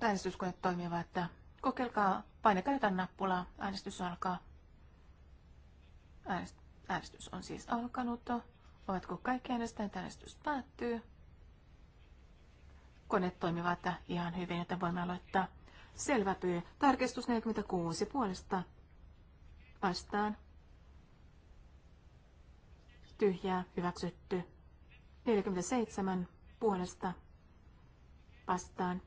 äänestyskone äänestyskoneet että Kokeilkaa, painakaa jotain nappulaa, äänestys alkaa. Äänestys on siis alkanut. Ovatko kaikki äänestäneet? Äänestys päättyy. Koneet toimivat ihan hyvin, joten voimme aloittaa. Selvä pyy. Tarkistus 46 puolesta. Vastaan. Tyhjää. Hyväksytty. 47 puolesta. Vastaan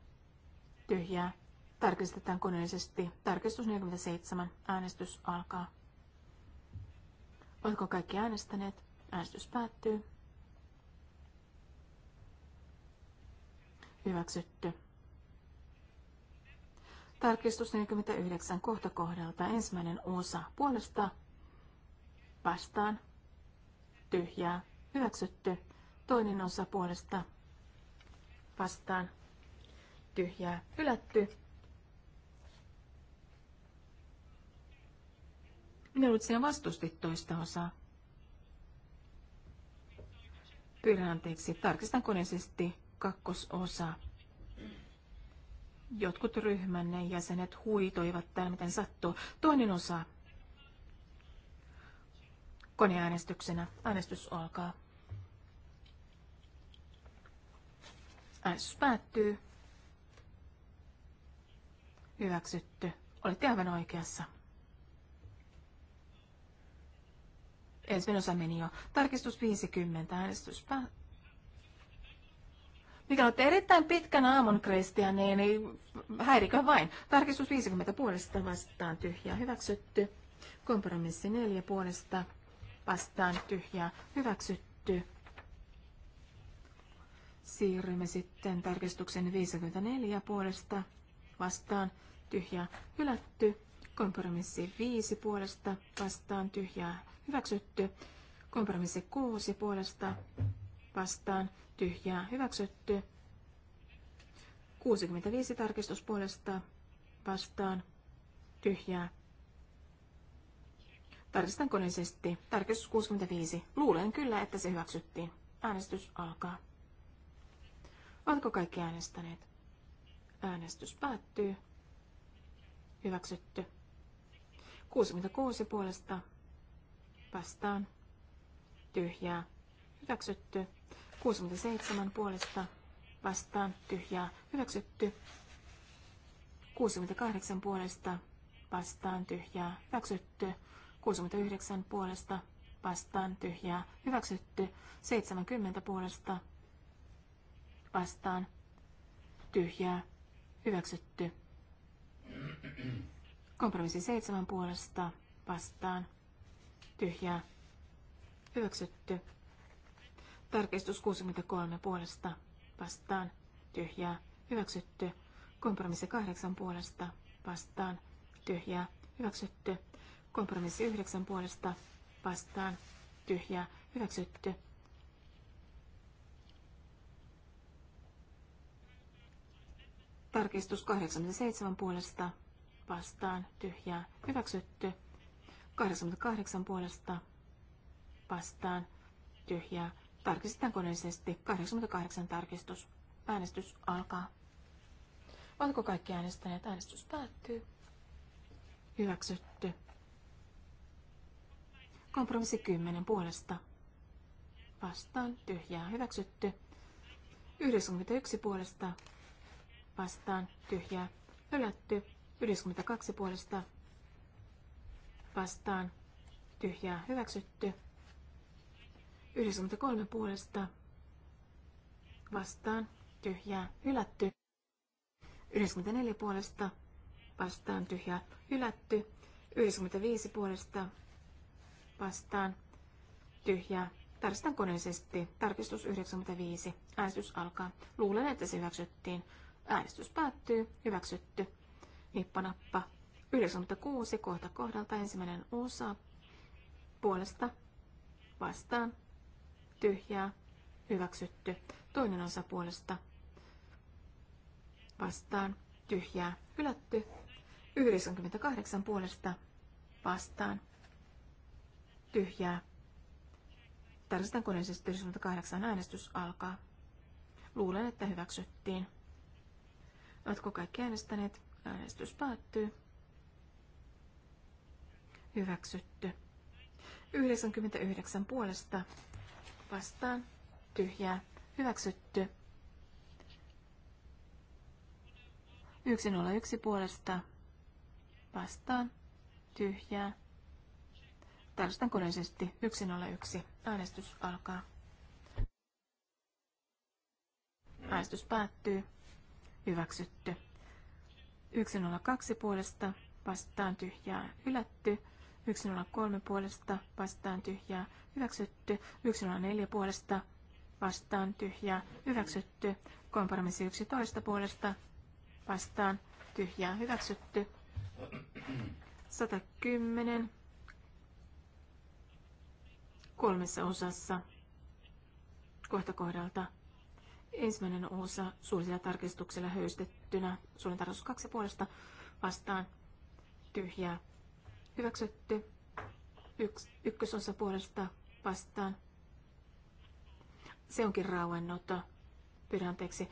tyhjää. Tarkistetaan koneellisesti. Tarkistus 47. Äänestys alkaa. Oletko kaikki äänestäneet? Äänestys päättyy. Hyväksytty. Tarkistus 49 kohta kohdalta ensimmäinen osa puolesta vastaan tyhjää hyväksytty. Toinen osa puolesta vastaan tyhjää hylätty. Minä luulen, vastustit toista osaa. Pyydän anteeksi. Tarkistan koneisesti kakkososa. Jotkut ryhmänne jäsenet huitoivat täällä, miten sattuu. Toinen osa. Koneäänestyksenä. Äänestys alkaa. Äänestys päättyy. Hyväksytty. Olette aivan oikeassa. Ensimmäinen osa meni jo. Tarkistus 50. Äänestys Mikä olette erittäin pitkän aamun, Kristian, niin, niin häirikö vain. Tarkistus 50 puolesta vastaan tyhjää. Hyväksytty. Kompromissi 4 puolesta vastaan tyhjää. Hyväksytty. Siirrymme sitten tarkistuksen 54 puolesta vastaan tyhjää hylätty. Kompromissi 5 puolesta vastaan tyhjää hyväksytty. Kompromissi 6 puolesta vastaan tyhjää hyväksytty. 65 tarkistus puolesta vastaan tyhjää. Tarkistan koneisesti Tarkistus 65. Luulen kyllä, että se hyväksyttiin. Äänestys alkaa. Oletko kaikki äänestäneet? Äänestys päättyy. Hyväksytty. 66 puolesta vastaan. Tyhjää. Hyväksytty. 67 puolesta vastaan. Tyhjää. Hyväksytty. 68 puolesta vastaan. Tyhjää. Hyväksytty. 69 puolesta vastaan. Tyhjää. Hyväksytty. 70 puolesta vastaan. Tyhjää. Hyväksytty. Kompromissi seitsemän puolesta vastaan. Tyhjää. Hyväksytty. Tarkistus 63 puolesta vastaan. Tyhjää. Hyväksytty. Kompromissi kahdeksan puolesta vastaan. Tyhjää. Hyväksytty. Kompromissi yhdeksän puolesta vastaan. Tyhjää. Hyväksytty. Tarkistus 87 puolesta vastaan tyhjää hyväksytty. 88 puolesta vastaan tyhjää. Tarkistetaan koneellisesti. 88 tarkistus. Äänestys alkaa. Oletko kaikki äänestäneet? Äänestys päättyy. Hyväksytty. Kompromissi 10 puolesta. Vastaan tyhjää. Hyväksytty. 91 puolesta. Vastaan tyhjää. Hylätty. 92 puolesta vastaan tyhjää hyväksytty. 93 puolesta vastaan tyhjää hylätty. 94 puolesta vastaan tyhjää hylätty. 95 puolesta vastaan tyhjää. Tarkistan koneellisesti. Tarkistus 95. Äänestys alkaa. Luulen, että se hyväksyttiin. Äänestys päättyy. Hyväksytty nippanappa. 96 kohta kohdalta ensimmäinen osa puolesta vastaan tyhjää hyväksytty. Toinen osa puolesta vastaan tyhjää hylätty. 98 puolesta vastaan tyhjää. Tarkistetaan koneellisesti 98 äänestys alkaa. Luulen, että hyväksyttiin. Oletko kaikki äänestäneet? Äänestys päättyy. Hyväksytty. 99 puolesta vastaan tyhjää. Hyväksytty. 101 puolesta vastaan tyhjää. Tarkistan koneisesti. 101. Äänestys alkaa. Äänestys päättyy. Hyväksytty. 102 puolesta vastaan tyhjää hylätty. 103 puolesta vastaan tyhjää hyväksytty. 104 puolesta vastaan tyhjää hyväksytty. Kompromissi 11 puolesta vastaan tyhjää hyväksytty. 110 kolmessa osassa kohta kohdalta Ensimmäinen osa suullisella tarkistuksella höystettynä. Suullinen tarkistus kaksi puolesta vastaan tyhjää. Hyväksytty. Yks, ykkösosa puolesta vastaan. Se onkin rauennut. Pyydän anteeksi.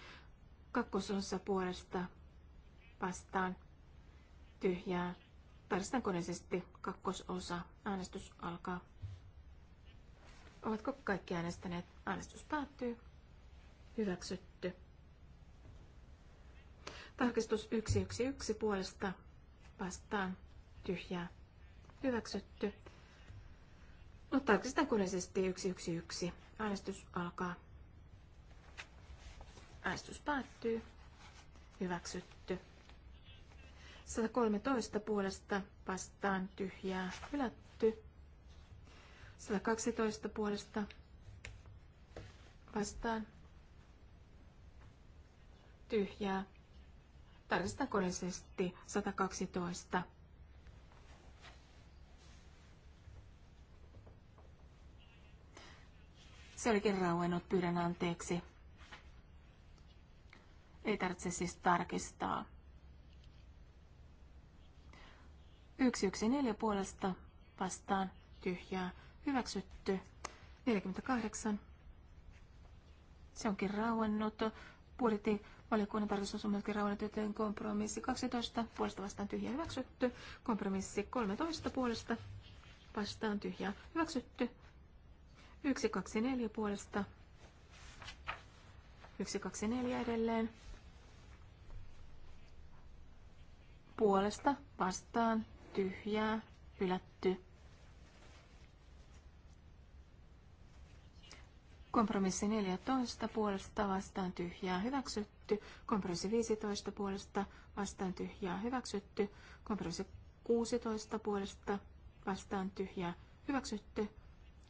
Kakkososa puolesta vastaan tyhjää. Tarkistan koneisesti kakkososa. Äänestys alkaa. Ovatko kaikki äänestäneet? Äänestys päättyy. Hyväksytty. Tarkistus 111 puolesta vastaan tyhjää. Hyväksytty. No tarkistetaan kunnallisesti 111. Äänestys alkaa. Äänestys päättyy. Hyväksytty. 113 puolesta vastaan tyhjää. Hylätty. 112 puolesta vastaan tyhjää. Tarkistetaan koneellisesti 112. Se rauennut, pyydän anteeksi. Ei tarvitse siis tarkistaa. 114 puolesta vastaan tyhjää hyväksytty. 48. Se onkin rauennut. Budjetti Valiokunnan tarkistus on myöskin rauhannetyötyön kompromissi 12, puolesta vastaan tyhjä hyväksytty. Kompromissi 13, puolesta vastaan tyhjä hyväksytty. 1, 2, 4 puolesta. 1, 2, 4 edelleen. Puolesta vastaan tyhjää hylätty. Kompromissi 14 puolesta vastaan tyhjää hyväksytty. Kompromissi 15 puolesta vastaan tyhjää hyväksytty. Kompromissi 16 puolesta vastaan tyhjää hyväksytty.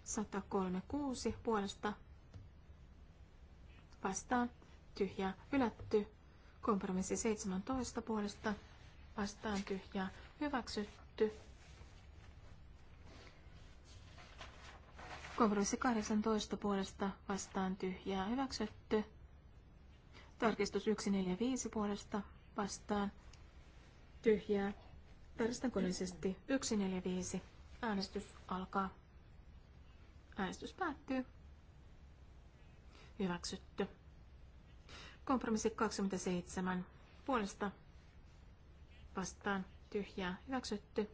136 puolesta vastaan tyhjää hylätty. Kompromissi 17 puolesta vastaan tyhjää hyväksytty. Kompromissi 18 puolesta vastaan tyhjää hyväksytty. Tarkistus 145 puolesta vastaan tyhjää. Tarkistan koneisesti 145. Äänestys alkaa. Äänestys päättyy. Hyväksytty. Kompromissi 27 puolesta vastaan tyhjää hyväksytty.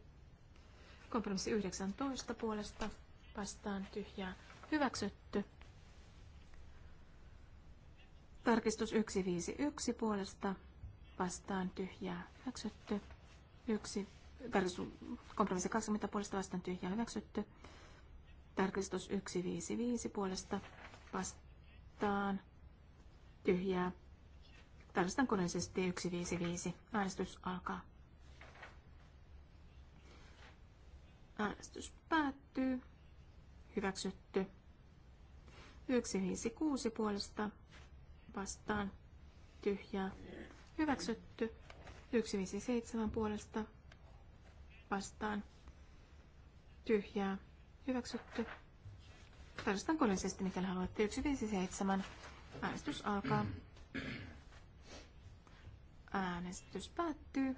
Kompromissi 19 puolesta vastaan tyhjää hyväksytty. Tarkistus 151 puolesta vastaan tyhjää hyväksytty. Yksi, tarkistus, kompromissi 20 puolesta vastaan tyhjää hyväksytty. Tarkistus 155 puolesta vastaan tyhjää. Tarkistan koneellisesti 155. Äänestys alkaa. Äänestys päättyy hyväksytty. kuusi puolesta vastaan tyhjää hyväksytty. 157 puolesta vastaan tyhjää hyväksytty. Tarkistan koneellisesti, mikäli haluatte. 157. Äänestys alkaa. Äänestys päättyy.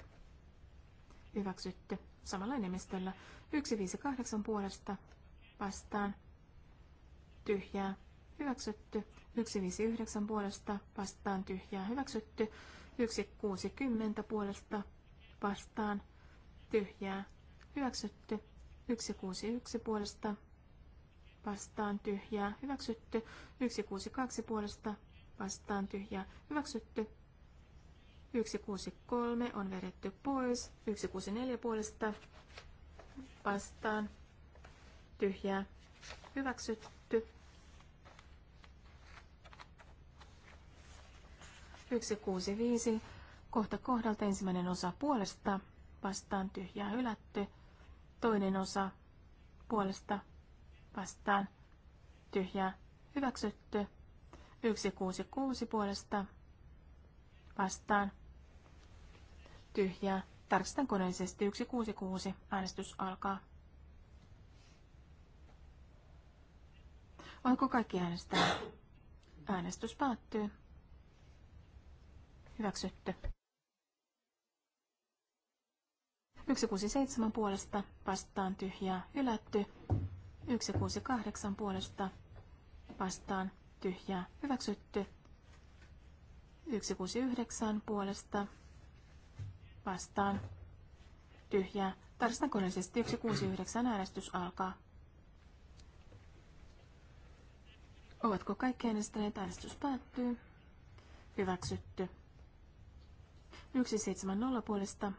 Hyväksytty. Samalla enemmistöllä. 158 puolesta vastaan tyhjää hyväksytty. 159 puolesta vastaan tyhjää hyväksytty. 160 puolesta vastaan tyhjää hyväksytty. 161 puolesta vastaan tyhjää hyväksytty. 162 puolesta vastaan tyhjää hyväksytty. 163 on vedetty pois. 164 puolesta vastaan tyhjää, hyväksytty. yksi kuusi viisi, kohta kohdalta ensimmäinen osa puolesta, vastaan tyhjää, hylätty. Toinen osa puolesta, vastaan tyhjää, hyväksytty. yksi kuusi kuusi puolesta, vastaan tyhjää. Tarkistan koneellisesti 166. Äänestys alkaa. Onko kaikki äänestää? Äänestys päättyy. Hyväksytty. 167 puolesta vastaan tyhjää hylätty. 168 puolesta vastaan tyhjää hyväksytty. 169 puolesta vastaan tyhjää. Tarkistan koneellisesti 169 äänestys alkaa. Ovatko kaikki äänestäneet? Äänestys päättyy. Hyväksytty. 170 puolesta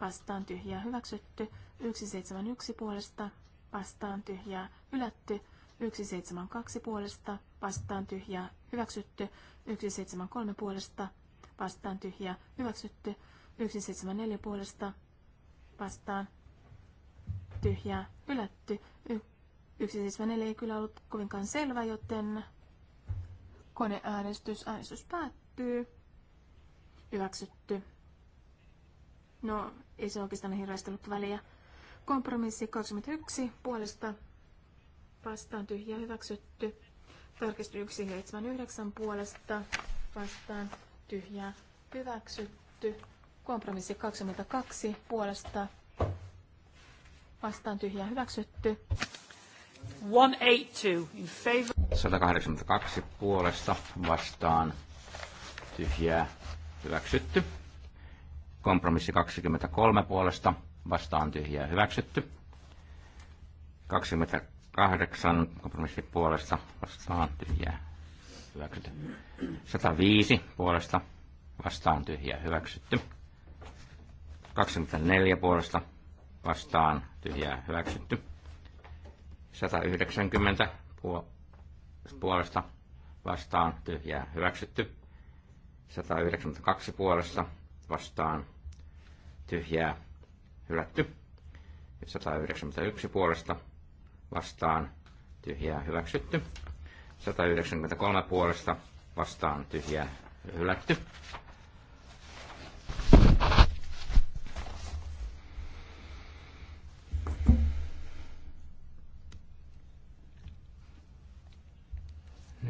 vastaan tyhjää hyväksytty. 171 puolesta vastaan tyhjää hylätty. 172 puolesta vastaan tyhjää hyväksytty. 173 puolesta vastaan tyhjää hyväksytty. 174 puolesta vastaan tyhjää hylätty. 174 siis ei kyllä ollut kovinkaan selvä, joten koneäänestys, äänestys päättyy. Hyväksytty. No, ei se oikeastaan hirveästi ollut väliä. Kompromissi 21 puolesta vastaan tyhjä hyväksytty. Tarkistu 179 puolesta vastaan tyhjä hyväksytty. Kompromissi 22 puolesta vastaan tyhjä hyväksytty. 182 in favor. 182 puolesta vastaan tyhjää hyväksytty. Kompromissi 23 puolesta vastaan tyhjää hyväksytty. 28 kompromissi puolesta vastaan tyhjää hyväksytty. 105 puolesta vastaan tyhjää hyväksytty. 24 puolesta vastaan tyhjää hyväksytty. 190 puolesta vastaan tyhjää hyväksytty. 192 puolesta vastaan tyhjää hylätty. 191 puolesta vastaan tyhjää hyväksytty. 193 puolesta vastaan tyhjää hylätty.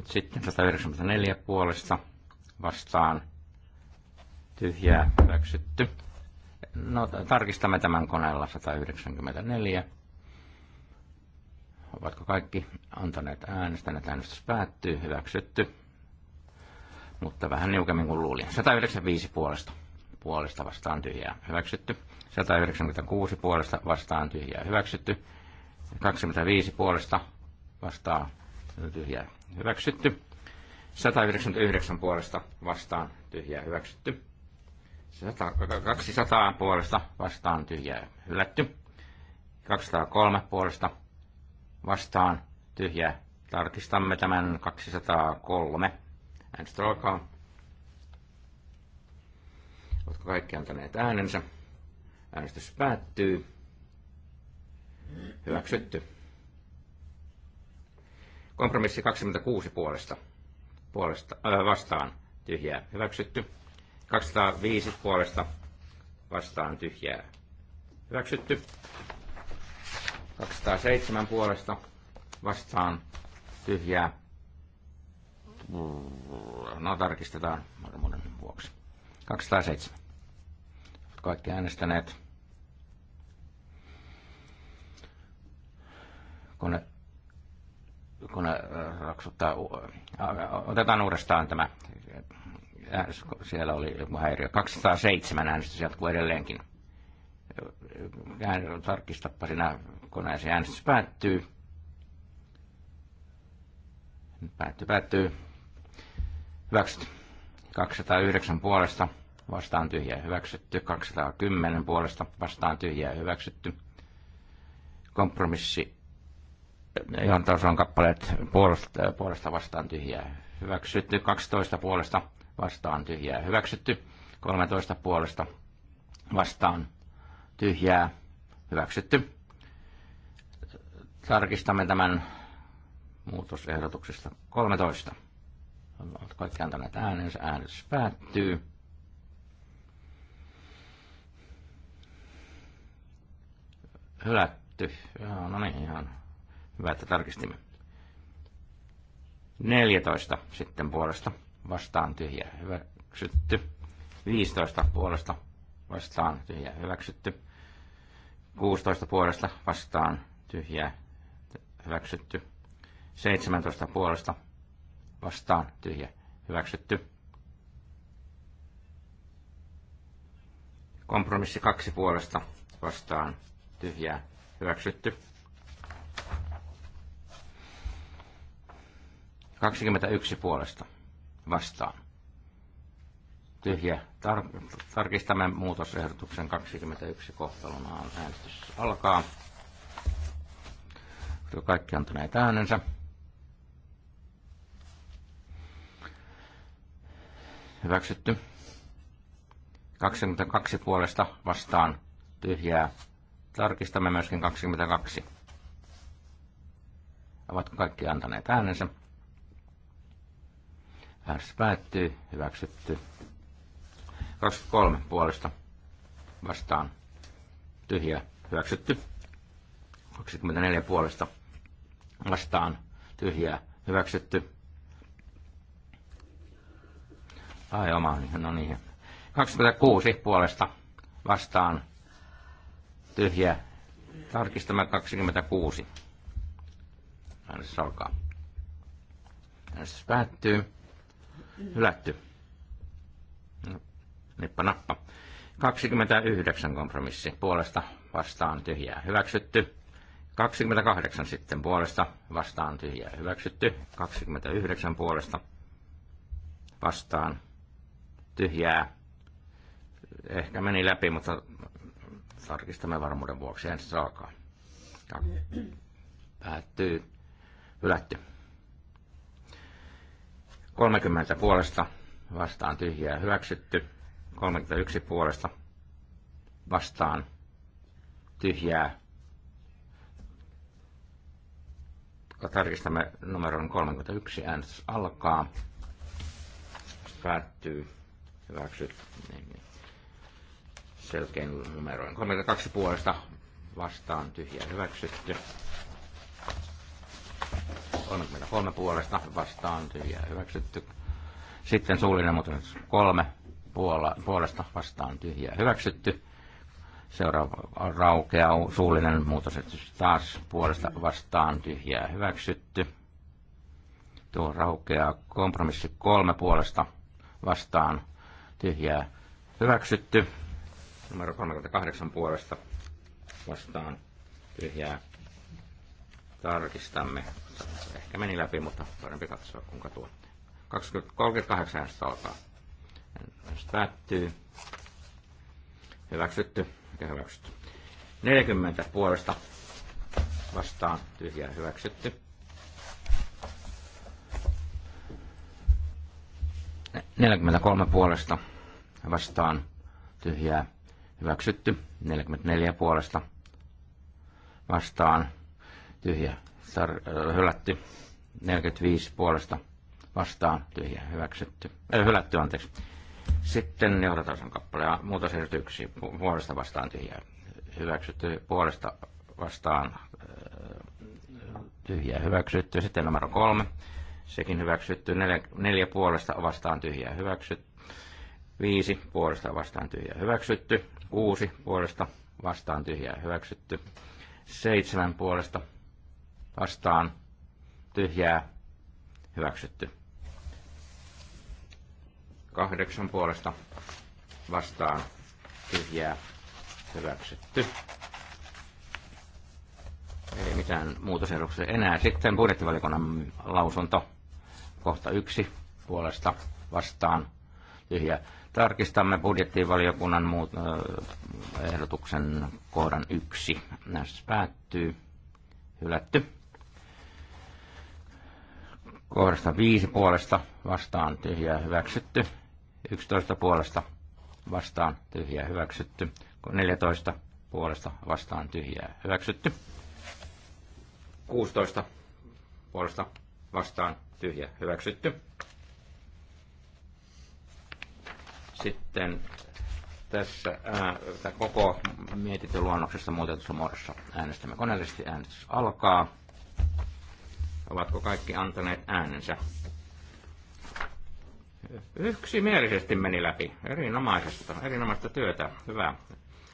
Sitten 194 puolesta vastaan tyhjää hyväksytty. No, tarkistamme tämän koneella 194. Ovatko kaikki antaneet äänestäneet? Äänestys päättyy, hyväksytty. Mutta vähän niukemmin kuin luulin. 195 puolesta. Puolesta vastaan tyhjää, hyväksytty. 196 puolesta vastaan tyhjää, hyväksytty. 25 puolesta vastaan tyhjää hyväksytty. 199 puolesta vastaan tyhjää hyväksytty. 200 puolesta vastaan tyhjää hylätty. 203 puolesta vastaan tyhjää. Tarkistamme tämän 203. Äänestä alkaa. Oletko kaikki antaneet äänensä? Äänestys päättyy. Hyväksytty. Kompromissi 26 puolesta, puolesta äh, vastaan tyhjää hyväksytty. 205 puolesta vastaan tyhjää hyväksytty. 207 puolesta vastaan tyhjää. No tarkistetaan varmuuden vuoksi. 207. Kaikki äänestäneet. Kone kun äh, raksuttaa, äh, otetaan uudestaan tämä, siellä oli joku häiriö, 207 äänestys jatkuu edelleenkin. Äh, tarkistappa sinä koneesi, äänestys päättyy. Päättyy, päättyy. Hyväksytty. 209 puolesta vastaan tyhjää hyväksytty. 210 puolesta vastaan tyhjää hyväksytty. Kompromissi ihan tasan kappaleet puolesta, puolesta vastaan tyhjää hyväksytty, 12 puolesta vastaan tyhjää hyväksytty, 13 puolesta vastaan tyhjää hyväksytty. Tarkistamme tämän muutosehdotuksesta 13. Olet kaikki antaneet äänensä, äänestys päättyy. Hylätty. Joo, no niin, ihan Hyvä, että tarkistimme. 14 sitten puolesta vastaan tyhjä hyväksytty. 15 puolesta vastaan tyhjä hyväksytty. 16 puolesta vastaan tyhjä hyväksytty. 17 puolesta vastaan tyhjä hyväksytty. Kompromissi kaksi puolesta vastaan tyhjää hyväksytty. 21 puolesta vastaan. Tyhjä. Tar- tarkistamme muutosehdotuksen 21 kohtalon äänestys alkaa. Kaikki antaneet äänensä. Hyväksytty. 22 puolesta vastaan tyhjää. Tarkistamme myöskin 22. Ovatko kaikki antaneet äänensä? Äänestys päättyy. Hyväksytty. 23 puolesta vastaan. Tyhjä. Hyväksytty. 24 puolesta vastaan. tyhjä, Hyväksytty. Ai oma, no niin. 26 niin. puolesta vastaan. Tyhjä. Tarkistamme 26. Äänestys alkaa. Äänestys päättyy hylätty. Nippa nappa. 29 kompromissi puolesta vastaan tyhjää hyväksytty. 28 sitten puolesta vastaan tyhjää hyväksytty. 29 puolesta vastaan tyhjää. Ehkä meni läpi, mutta tarkistamme varmuuden vuoksi ensi saakaan. Päättyy hylätty. 30 puolesta vastaan tyhjää hyväksytty. 31 puolesta vastaan tyhjää. Tarkistamme numeron 31. Äänestys alkaa. Päättyy. Hyväksyt. Selkein numeroin. 32 puolesta vastaan tyhjää hyväksytty. 33 puolesta vastaan tyhjää hyväksytty. Sitten suullinen muutos kolme puolesta vastaan tyhjää hyväksytty. Seuraava raukeaa suullinen muutos taas puolesta vastaan tyhjää hyväksytty. Tuo raukeaa kompromissi kolme puolesta vastaan tyhjää hyväksytty. Numero 38 puolesta vastaan tyhjää tarkistamme. Ehkä meni läpi, mutta parempi katsoa kuinka katua. 20, 38 äänestä alkaa. Äänestä päättyy. Hyväksytty. Ja hyväksytty. 40 puolesta vastaan tyhjää hyväksytty. 43 puolesta vastaan tyhjää hyväksytty. 44 puolesta vastaan tyhjä tar- äh, hylätty. 45 puolesta vastaan tyhjä hyväksytty. Äh, hylätty, anteeksi. Sitten johdatason kappale ja muuta yksi puolesta vastaan tyhjä hyväksytty. Puolesta vastaan äh, tyhjä hyväksytty. Sitten numero kolme. Sekin hyväksytty. Neljä, neljä puolesta vastaan tyhjä hyväksytty. Viisi puolesta vastaan tyhjä hyväksytty. Kuusi puolesta vastaan tyhjää hyväksytty. Seitsemän puolesta vastaan tyhjää hyväksytty. Kahdeksan puolesta vastaan tyhjää hyväksytty. Ei mitään muutosehdotuksia enää. Sitten budjettivalikonnan lausunto kohta yksi puolesta vastaan tyhjä. Tarkistamme budjettivaliokunnan muut, äh, ehdotuksen kohdan yksi. Näissä päättyy. Hylätty. Kohdasta 5 puolesta vastaan tyhjää hyväksytty. 11 puolesta vastaan tyhjää hyväksytty. 14 puolesta vastaan tyhjää hyväksytty. 16 puolesta vastaan tyhjä hyväksytty. Sitten tässä ää, koko mietintöluonnoksesta muutetussa muodossa äänestämme koneellisesti. Äänestys alkaa. Ovatko kaikki antaneet äänensä? Yksimielisesti meni läpi. Erinomaisesta, erinomaista työtä. Hyvä,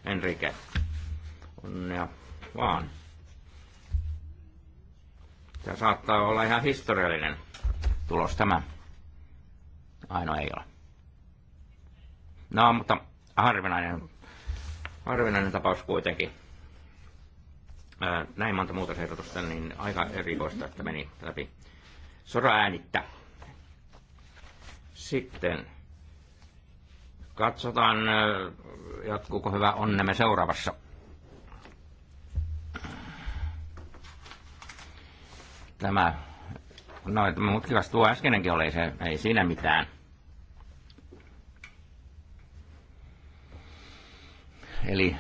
Enrique. Onnea vaan. Tämä saattaa olla ihan historiallinen tulos tämä. Ainoa ei ole. No, mutta harvinainen, harvinainen tapaus kuitenkin näin monta muutosehdotusta, niin aika erikoista, että meni läpi soraäänittä. Sitten katsotaan, jatkuuko hyvä onnemme seuraavassa. Tämä, no mutta mutkikas tuo äskenenkin oli, se, ei siinä mitään. Eli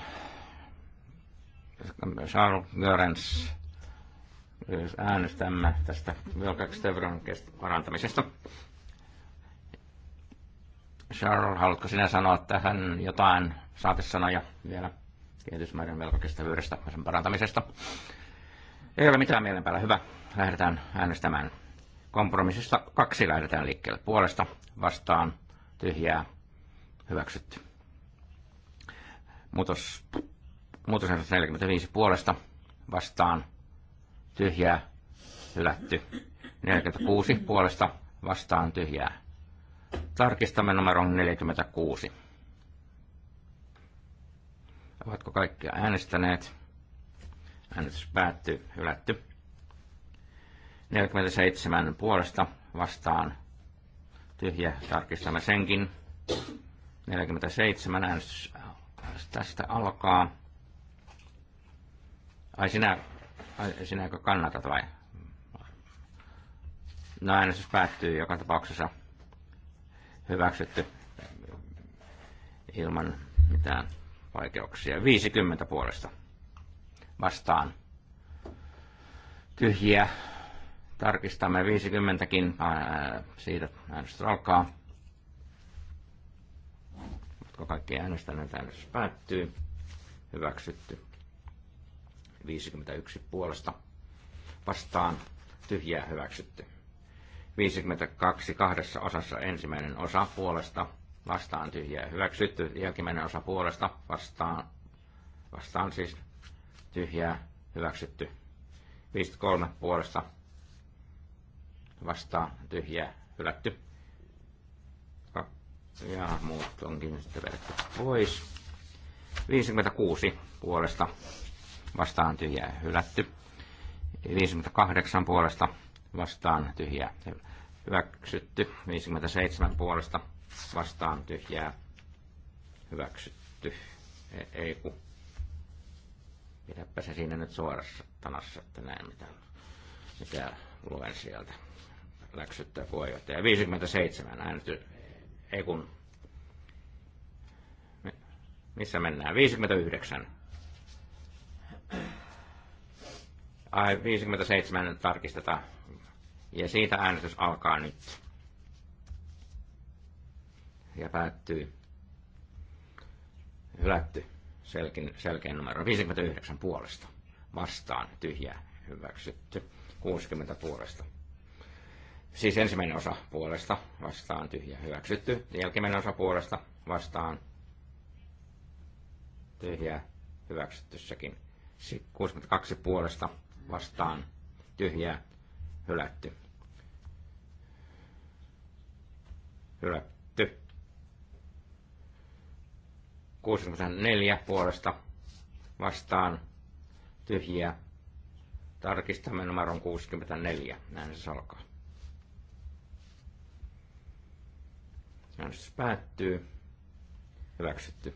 Charles Görens siis äänestämme tästä velkaekstevron parantamisesta. Charles, haluatko sinä sanoa tähän jotain saatesanoja vielä kehitysmaiden velkakestävyydestä ja sen parantamisesta? Ei ole mitään mielen päällä. Hyvä. Lähdetään äänestämään. Kompromissista kaksi lähdetään liikkeelle. Puolesta vastaan tyhjää hyväksytty. Muutos Muutosehdotus 45 puolesta vastaan tyhjää hylätty. 46 puolesta vastaan tyhjää. Tarkistamme numeron 46. Ovatko kaikki äänestäneet? Äänestys päättyy, hylätty. 47 puolesta vastaan tyhjä, tarkistamme senkin. 47 äänestys tästä alkaa. Ai sinä, ai sinäkö kannatat vai? No äänestys päättyy joka tapauksessa hyväksytty ilman mitään vaikeuksia. 50 puolesta vastaan tyhjiä. Tarkistamme 50kin. Ää, siitä äänestys alkaa. Oletko kaikki äänestäneet? Äänestys päättyy. Hyväksytty. 51 puolesta vastaan tyhjää hyväksytty. 52 kahdessa osassa ensimmäinen osa puolesta vastaan tyhjää hyväksytty, jälkimmäinen osa puolesta vastaan, vastaan siis tyhjää hyväksytty. 53 puolesta vastaan tyhjää hylätty. Ja muut onkin sitten vedetty pois. 56 puolesta vastaan tyhjää hylätty. 58 puolesta vastaan tyhjää hyväksytty. 57 puolesta vastaan tyhjää hyväksytty. E, ei, ei kun. Pidäpä se siinä nyt suorassa tanassa, että näin mitä, mitä luen sieltä. Läksyttää puheenjohtaja. 57 äänety. Ei kun. Missä mennään? 59 Ai 57 tarkistetaan. Ja siitä äänestys alkaa nyt. Ja päättyy. Hylätty. Selkin, selkeä numero. 59 puolesta. Vastaan. Tyhjä. Hyväksytty. 60 puolesta. Siis ensimmäinen osa puolesta vastaan tyhjä hyväksytty. Jälkimmäinen osa puolesta vastaan tyhjä hyväksytty sekin. 62 puolesta vastaan tyhjä hylätty. Hylätty. 64 puolesta vastaan tyhjää. Tarkistamme numeron 64. Näin se alkaa. Äänestys päättyy. Hyväksytty.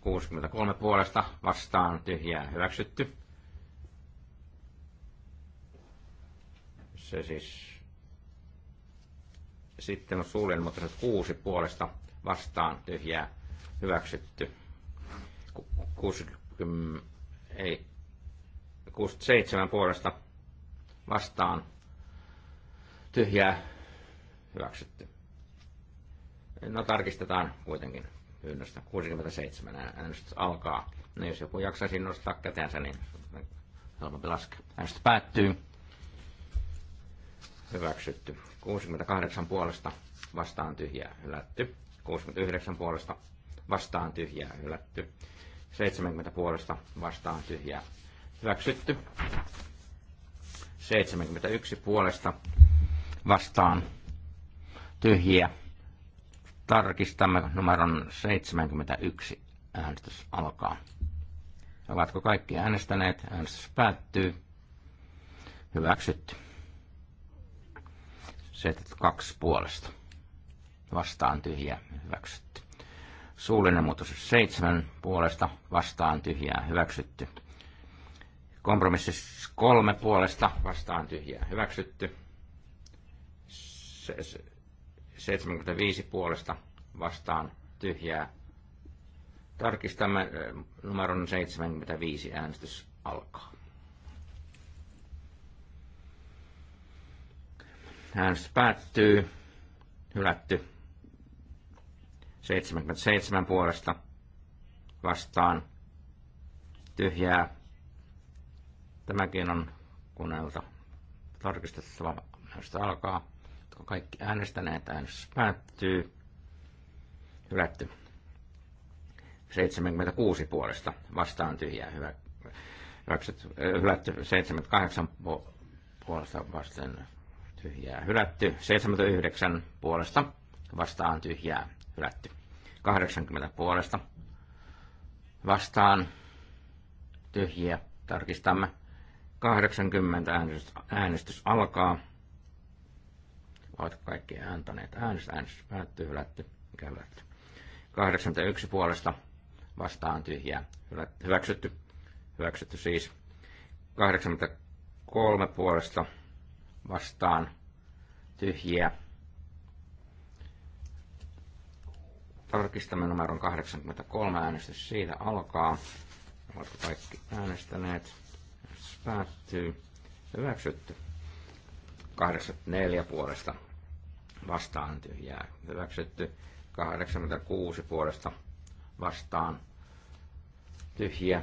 63 puolesta vastaan tyhjää hyväksytty. Se siis sitten on suullinen, mutta 6 puolesta vastaan tyhjää hyväksytty. 60, ei, 67 puolesta vastaan tyhjää hyväksytty. No tarkistetaan kuitenkin pyynnöstä. 67 äänestys alkaa. No jos joku jaksaisi nostaa kätensä, niin helpompi laskea. Äänestys päättyy. Hyväksytty. 68 puolesta vastaan tyhjää hylätty. 69 puolesta vastaan tyhjää hylätty. 70 puolesta vastaan tyhjää hyväksytty. 71 puolesta vastaan tyhjiä Tarkistamme numeron 71. Äänestys alkaa. Ovatko kaikki äänestäneet? Äänestys päättyy. Hyväksytty. 72 puolesta. Vastaan tyhjä. Hyväksytty. Suullinen muutos 7 puolesta. Vastaan tyhjää. Hyväksytty. Kompromissi 3 puolesta. Vastaan tyhjää. Hyväksytty. 75 puolesta vastaan tyhjää. Tarkistamme eh, numeron 75 äänestys alkaa. Äänestys päättyy. Hylätty. 77 puolesta vastaan tyhjää. Tämäkin on koneelta tarkistettava, josta alkaa. Ovatko kaikki äänestäneet? Äänestys päättyy. Hylätty. 76 puolesta vastaan tyhjää. Hyvä, hyväksyt, äh, hylätty. 78 puolesta vastaan tyhjää. Hylätty. 79 puolesta vastaan tyhjää. Hylätty. 80 puolesta vastaan tyhjiä. Tarkistamme. 80 äänestys, äänestys alkaa ovat kaikki antaneet äänestä. Äänestys päättyy, hylätty, mikä hylätty. 81 puolesta vastaan tyhjää, hyväksytty, hyväksytty siis. 83 puolesta vastaan tyhjiä. Tarkistamme numeron 83, äänestys siitä alkaa. Oletko kaikki äänestäneet? Äänestys päättyy. Hyväksytty. 84 puolesta vastaan tyhjää hyväksytty. 86 puolesta vastaan tyhjiä.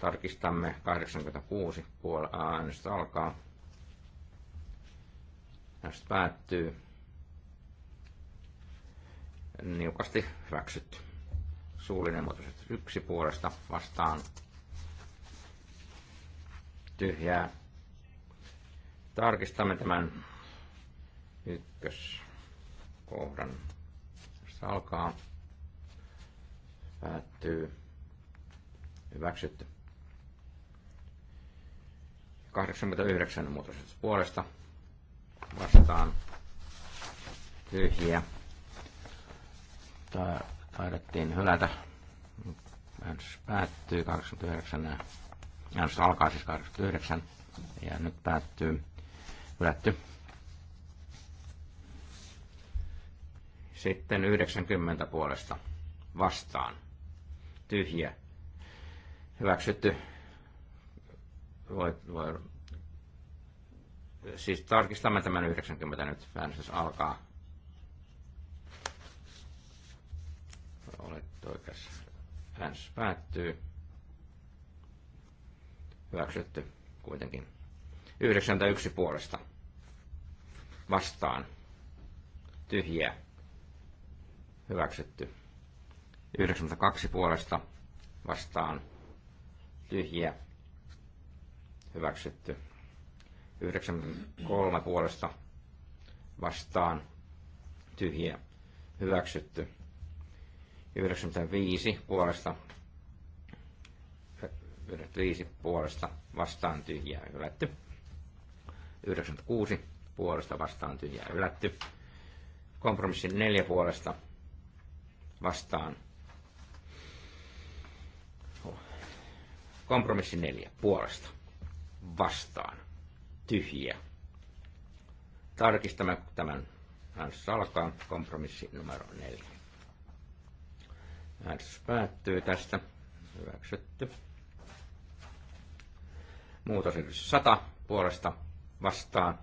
Tarkistamme 86 puol- äänestä alkaa. Äänestys päättyy. Niukasti hyväksytty. Suullinen muutos yksi puolesta vastaan tyhjää. Tarkistamme tämän ykköskohdan. Se alkaa, päättyy, hyväksytty. 89 muutosesitys puolesta vastaan tyhjiä. Taidettiin hylätä. Äänestys päättyy 89. Äänestys alkaa siis 89 ja nyt päättyy hylätty. Sitten 90 puolesta vastaan. Tyhjä. Hyväksytty. Voi, voi. Siis tarkistamme tämän 90 nyt. Äänestys alkaa. Olet oikeassa. Äänestys päättyy. Hyväksytty kuitenkin. 91 puolesta vastaan. Tyhjä hyväksytty. 92 puolesta vastaan tyhjiä hyväksytty. 93 puolesta vastaan tyhjiä hyväksytty. 95 puolesta 95 puolesta vastaan tyhjiä hylätty. 96 puolesta vastaan tyhjiä hylätty. Kompromissin 4 puolesta vastaan. Kompromissi neljä puolesta vastaan. Tyhjiä. Tarkistamme tämän äänestys alkaa. Kompromissi numero neljä. Äänestys päättyy tästä. Hyväksytty. Muutosehdotus 100 puolesta vastaan.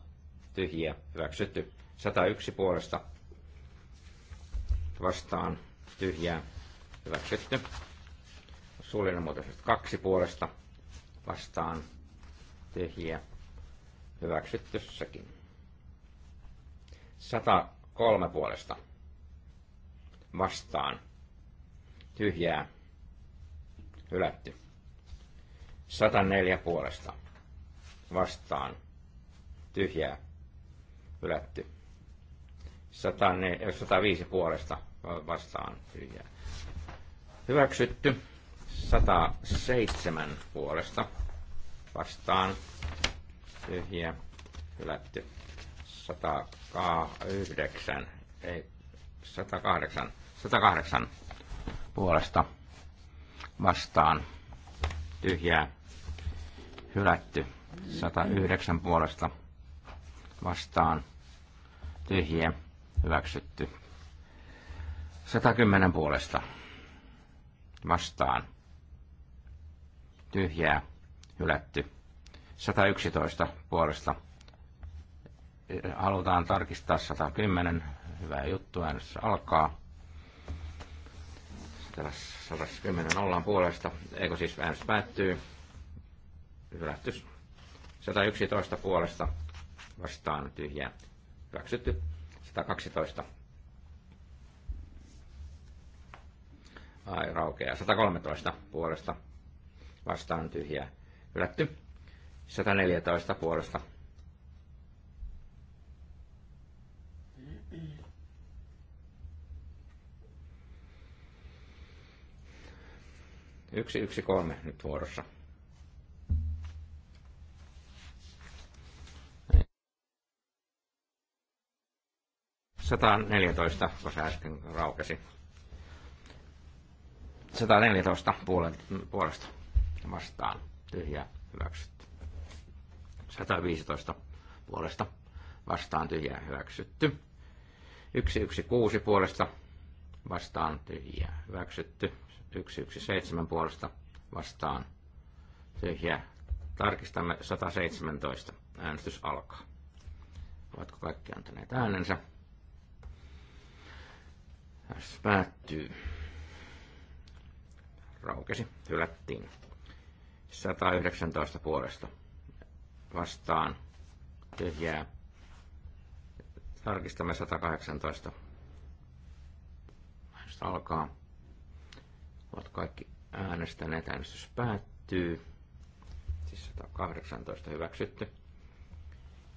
Tyhjiä. Hyväksytty. 101 puolesta vastaan tyhjää hyväksytty. Suullinen muutos kaksi puolesta vastaan tyhjiä hyväksytty sekin. 103 puolesta vastaan tyhjää hylätty. 104 puolesta vastaan tyhjää hylätty. 105 puolesta vastaan tyhjää. Hyväksytty. 107 puolesta vastaan tyhjää. Hylätty. 109. Ei, 108. 108 puolesta vastaan tyhjää. Hylätty. 109 puolesta vastaan tyhjää. Hyväksytty. 110 puolesta vastaan. Tyhjää, hylätty. 111 puolesta halutaan tarkistaa 110. Hyvää juttu, äänessä alkaa. 110 ollaan puolesta, eikö siis äänestys päättyy. Hylätty. 111 puolesta vastaan tyhjää. Hyväksytty. 112 Ai raukeaa. 113 puolesta vastaan tyhjää. Ylätty. 114 puolesta. Yksi, yksi, kolme nyt vuorossa. Sataan neljätoista, kun se äsken raukesi. 114 puolesta vastaan tyhjä hyväksytty. 115 puolesta vastaan tyhjä hyväksytty. 116 puolesta vastaan tyhjä hyväksytty. 117 puolesta vastaan tyhjä. Tarkistamme 117. Äänestys alkaa. Ovatko kaikki antaneet äänensä? Tässä päättyy raukesi, hylättiin. 119 puolesta vastaan tyhjää. Tarkistamme 118. Äänestys alkaa. Ovat kaikki äänestäneet. Äänestys päättyy. Siis 118 hyväksytty.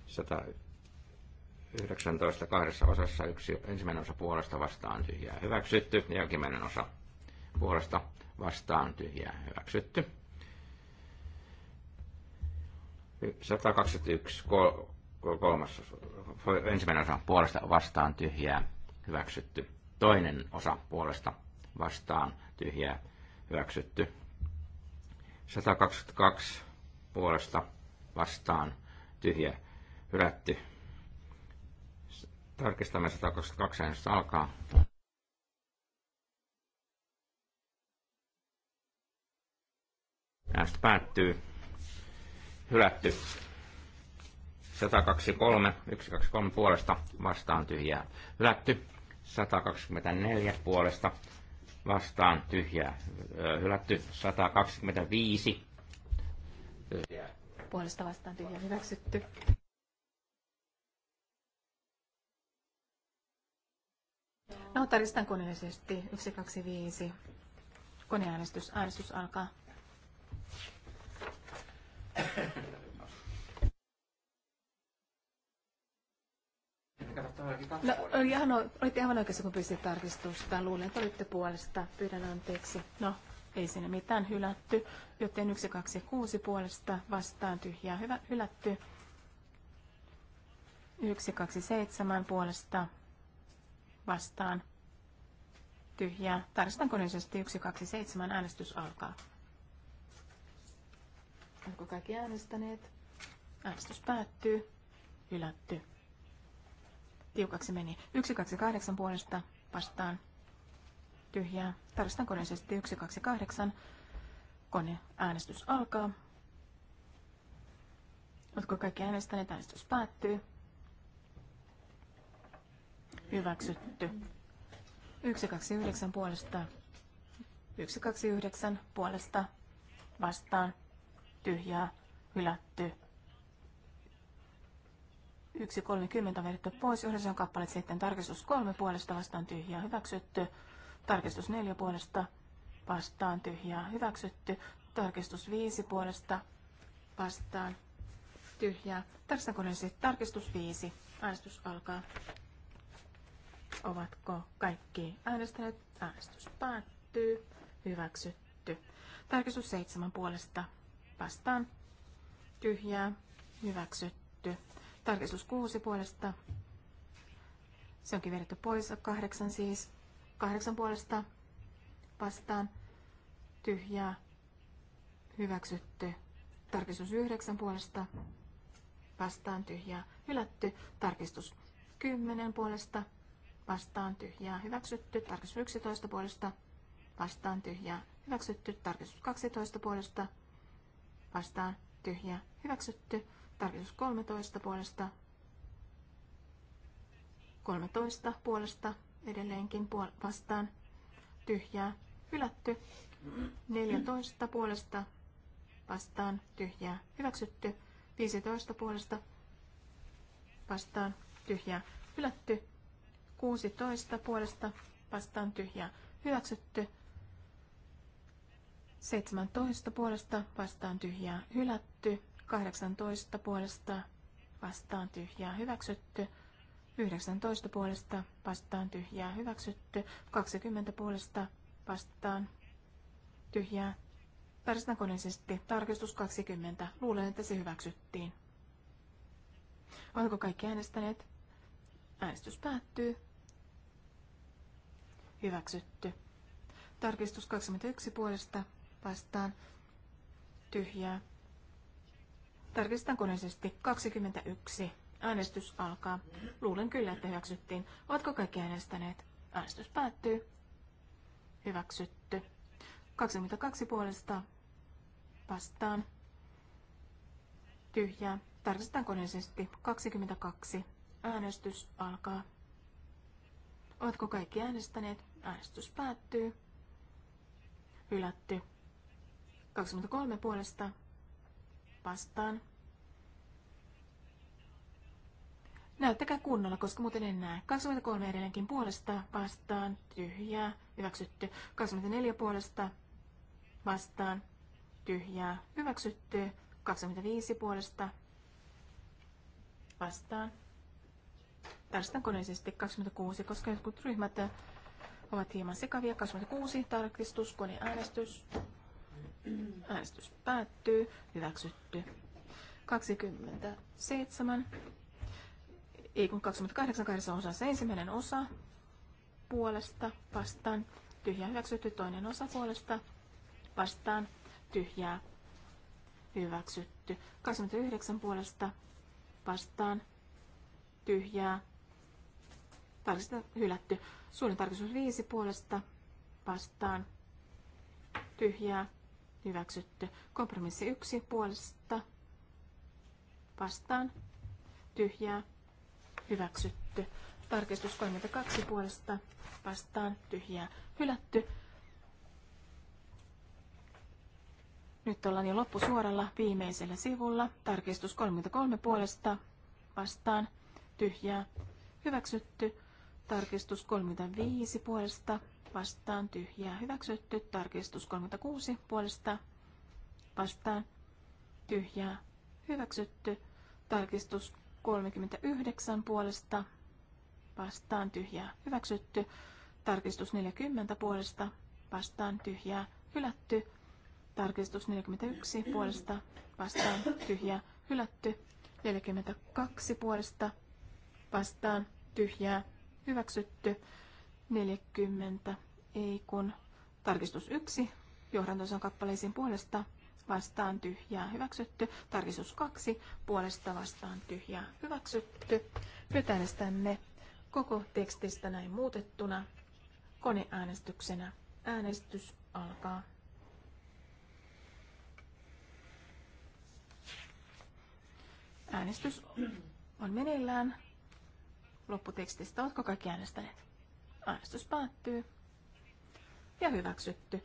119 kahdessa osassa yksi ensimmäinen osa puolesta vastaan tyhjää hyväksytty. Jälkimmäinen osa puolesta vastaan tyhjää hyväksytty. 121 kol, kolmas, ensimmäinen osa puolesta vastaan tyhjää hyväksytty. Toinen osa puolesta vastaan tyhjää hyväksytty. 122 puolesta vastaan tyhjä hylätty. Tarkistamme 122 alkaa. Näistä päättyy. Hylätty. 123, 123 puolesta vastaan tyhjää. Hylätty. 124 puolesta vastaan tyhjää. Hylätty. 125 tyhjää. Puolesta vastaan tyhjää hyväksytty. No, tarkistan koneellisesti 125. Koneäänestys. Äänestys alkaa. No, ihan, olitte aivan oikeassa, kun pyysit tarkistusta. Luulen, että olitte puolesta. Pyydän anteeksi. No, ei siinä mitään hylätty, joten 1, 2, ja 6 puolesta vastaan tyhjää hyvä, hylätty. 1, 2, 7 puolesta vastaan tyhjää. Tarkistan koneisesti 1, 2, 7. Äänestys alkaa. Onko kaikki äänestäneet? Äänestys päättyy. Hylätty. Tiukaksi meni. 128 puolesta vastaan. Tyhjää. Tarkistan koneisesti 128. Kone äänestys alkaa. Oletko kaikki äänestäneet? Äänestys päättyy. Hyväksytty. 129 puolesta. 129 puolesta vastaan tyhjää, hylätty. 1.30 on vedetty pois, yhdessä on kappale sitten tarkistus 3 puolesta vastaan tyhjää, hyväksytty. Tarkistus 4 puolesta vastaan tyhjää, hyväksytty. Tarkistus 5 puolesta vastaan tyhjää. Tarkistakoneellisesti tarkistus 5. Äänestys alkaa. Ovatko kaikki äänestäneet? Äänestys päättyy. Hyväksytty. Tarkistus 7 puolesta vastaan tyhjää hyväksytty. Tarkistus 6 puolesta. Se onkin vedetty pois. 8 siis. 8 puolesta vastaan tyhjää hyväksytty. Tarkistus 9 puolesta vastaan tyhjää hylätty. Tarkistus 10 puolesta vastaan tyhjää hyväksytty. Tarkistus 11 puolesta vastaan tyhjää hyväksytty. Tarkistus 12 puolesta vastaan tyhjä hyväksytty. Tarkistus 13 puolesta 13 puolesta edelleenkin puol- vastaan tyhjää hylätty. 14 puolesta vastaan tyhjää hyväksytty. 15 puolesta vastaan tyhjää hylätty. 16 puolesta vastaan tyhjää hyväksytty. 17 puolesta vastaan tyhjää hylätty. 18 puolesta vastaan tyhjää hyväksytty. 19 puolesta vastaan tyhjää hyväksytty. 20 puolesta vastaan tyhjää. Tarkistankoneisesti Tarkistus 20. Luulen, että se hyväksyttiin. Oliko kaikki äänestäneet? Äänestys päättyy. Hyväksytty. Tarkistus 21 puolesta vastaan tyhjää. Tarkistan koneisesti 21. Äänestys alkaa. Luulen kyllä, että hyväksyttiin. Ovatko kaikki äänestäneet? Äänestys päättyy. Hyväksytty. 22 puolesta vastaan. Tyhjää. tarkistan koneisesti. 22. Äänestys alkaa. Ovatko kaikki äänestäneet? Äänestys päättyy. Hylätty. 23 puolesta vastaan. Näyttäkää kunnolla, koska muuten en näe. 23 edelleenkin puolesta vastaan. Tyhjää. Hyväksytty. 24 puolesta vastaan. Tyhjää. Hyväksytty. 25 puolesta vastaan. Tarkistan koneisesti 26, koska jotkut ryhmät ovat hieman sekavia. 26 tarkistus, koneäänestys. äänestys. Äänestys päättyy. Hyväksytty. 27. Ei kun 28 kahdessa osassa ensimmäinen osa puolesta vastaan. Tyhjä hyväksytty toinen osa puolesta vastaan. Tyhjää hyväksytty. 29 puolesta vastaan. Tyhjää. Tarkista hylätty. Suunnitelma tarkistus 5 puolesta vastaan. Tyhjää hyväksytty. Kompromissi yksi puolesta vastaan tyhjää hyväksytty. Tarkistus 32 puolesta vastaan tyhjää hylätty. Nyt ollaan jo loppusuoralla viimeisellä sivulla. Tarkistus 33 puolesta vastaan tyhjää hyväksytty. Tarkistus 35 puolesta vastaan tyhjää hyväksytty. Tarkistus 36 puolesta vastaan tyhjää hyväksytty. Tarkistus 39 puolesta vastaan tyhjää hyväksytty. Tarkistus 40 puolesta vastaan tyhjää hylätty. Tarkistus 41 puolesta vastaan tyhjää hylätty. 42 puolesta vastaan tyhjää hyväksytty. 40, ei kun tarkistus 1, johdantosan kappaleisiin puolesta vastaan tyhjää hyväksytty. Tarkistus 2, puolesta vastaan tyhjää hyväksytty. Nyt äänestämme koko tekstistä näin muutettuna koneäänestyksenä. Äänestys alkaa. Äänestys on meneillään. Lopputekstistä. Oletko kaikki äänestäneet? Äänestys päättyy. Ja hyväksytty.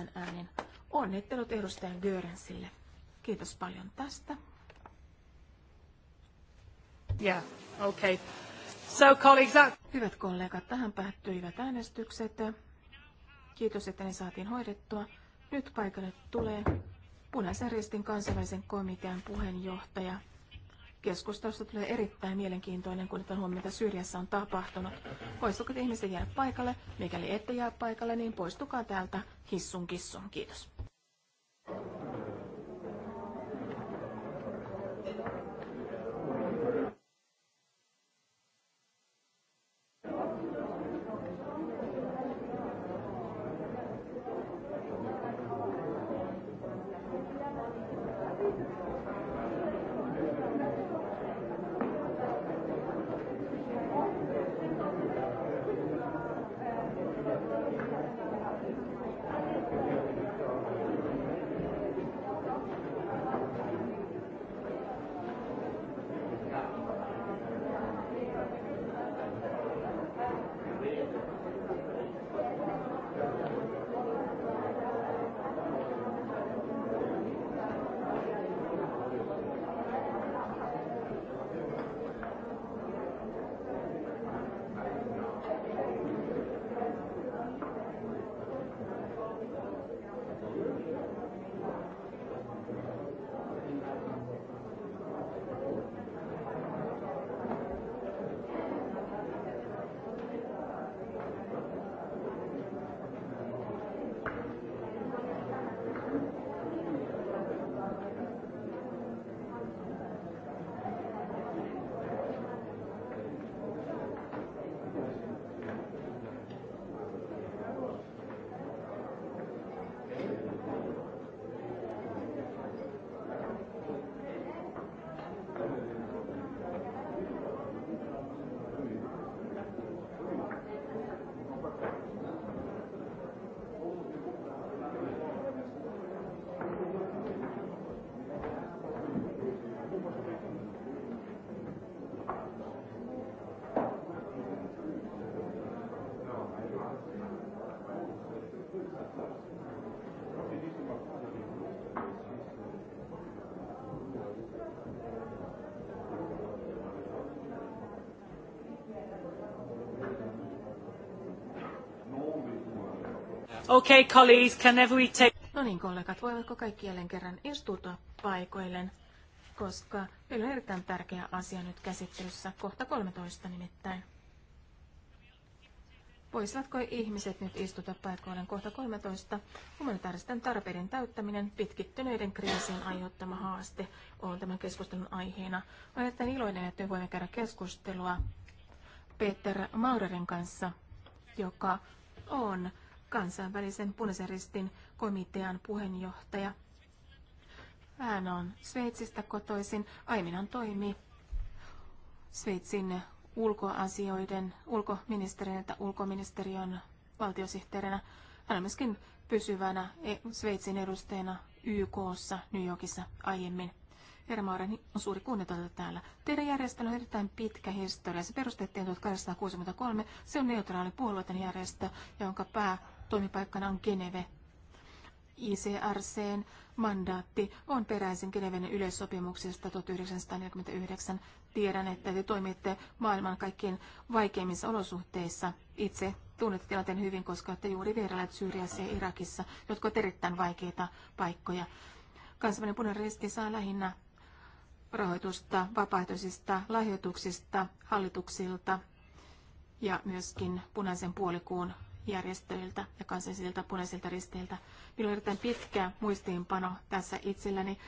17.9 äänin. Onnittelut edustajan Görensille. Kiitos paljon tästä. Yeah, okay. So, colleagues, that... Hyvät kollegat, tähän päättyivät äänestykset. Kiitos, että ne saatiin hoidettua. Nyt paikalle tulee Punaisen ristin kansainvälisen komitean puheenjohtaja Keskustelusta tulee erittäin mielenkiintoinen, kun otetaan huomioon, mitä Syyriassa on tapahtunut. Poistukat ihmiset jäädä paikalle? Mikäli ette jää paikalle, niin poistukaa täältä hissun kissun. Kiitos. Okay, colleagues, can we take... No niin, kollegat, voivatko kaikki jälleen kerran istuutua paikoilleen, koska meillä on erittäin tärkeä asia nyt käsittelyssä, kohta 13 nimittäin. Voisivatko ihmiset nyt istuta paikoilleen kohta 13? Humanitaaristen tarpeiden täyttäminen, pitkittyneiden kriisien aiheuttama haaste on tämän keskustelun aiheena. Olen erittäin iloinen, että me voimme käydä keskustelua Peter Maurerin kanssa, joka on kansainvälisen punaisen ristin komitean puheenjohtaja. Hän on Sveitsistä kotoisin. Aiemmin hän toimi Sveitsin ulkoasioiden, ulkoministerin tai ulkoministeriön valtiosihteerinä. Hän on myöskin pysyvänä e- Sveitsin edustajana YKssa New Yorkissa aiemmin. Hermaareni on suuri kunnioitus tuota täällä. Teidän järjestö on erittäin pitkä historia. Se perustettiin 1863. Se on neutraali puolueiden järjestö, jonka pää Toimipaikkana on Geneve. ICRCn mandaatti on peräisin Geneven yleissopimuksesta 1949. Tiedän, että te toimitte maailman kaikkien vaikeimmissa olosuhteissa. Itse tunnette tilanteen hyvin, koska olette juuri vierailleet Syyriassa ja Irakissa, jotka ovat erittäin vaikeita paikkoja. Kansainvälinen punainen risti saa lähinnä rahoitusta vapaaehtoisista lahjoituksista hallituksilta ja myöskin punaisen puolikuun järjestöiltä ja kansallisilta punaisilta risteiltä. Minulla on erittäin pitkä muistiinpano tässä itselläni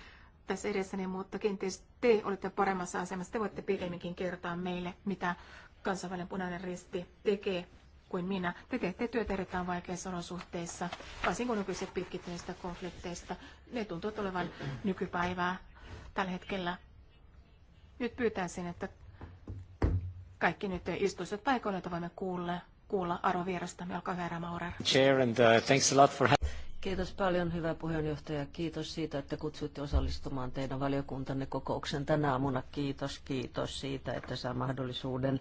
tässä edessäni, mutta kenties te olette paremmassa asemassa. Te voitte pikemminkin kertoa meille, mitä kansainvälinen punainen risti tekee kuin minä. Te teette työtä erittäin vaikeissa olosuhteissa, varsinkin kun nykyisistä pitkittyneistä konflikteista. Ne tuntuvat olevan nykypäivää tällä hetkellä. Nyt pyytäisin, että kaikki nyt istuisivat paikoille, että voimme kuulla kuulla arvovierastamme. Olkaa hyvä, Chair and, uh, thanks a lot for Kiitos paljon, hyvä puheenjohtaja. Kiitos siitä, että kutsuitte osallistumaan teidän valiokuntanne kokouksen tänä aamuna. Kiitos, kiitos siitä, että saa mahdollisuuden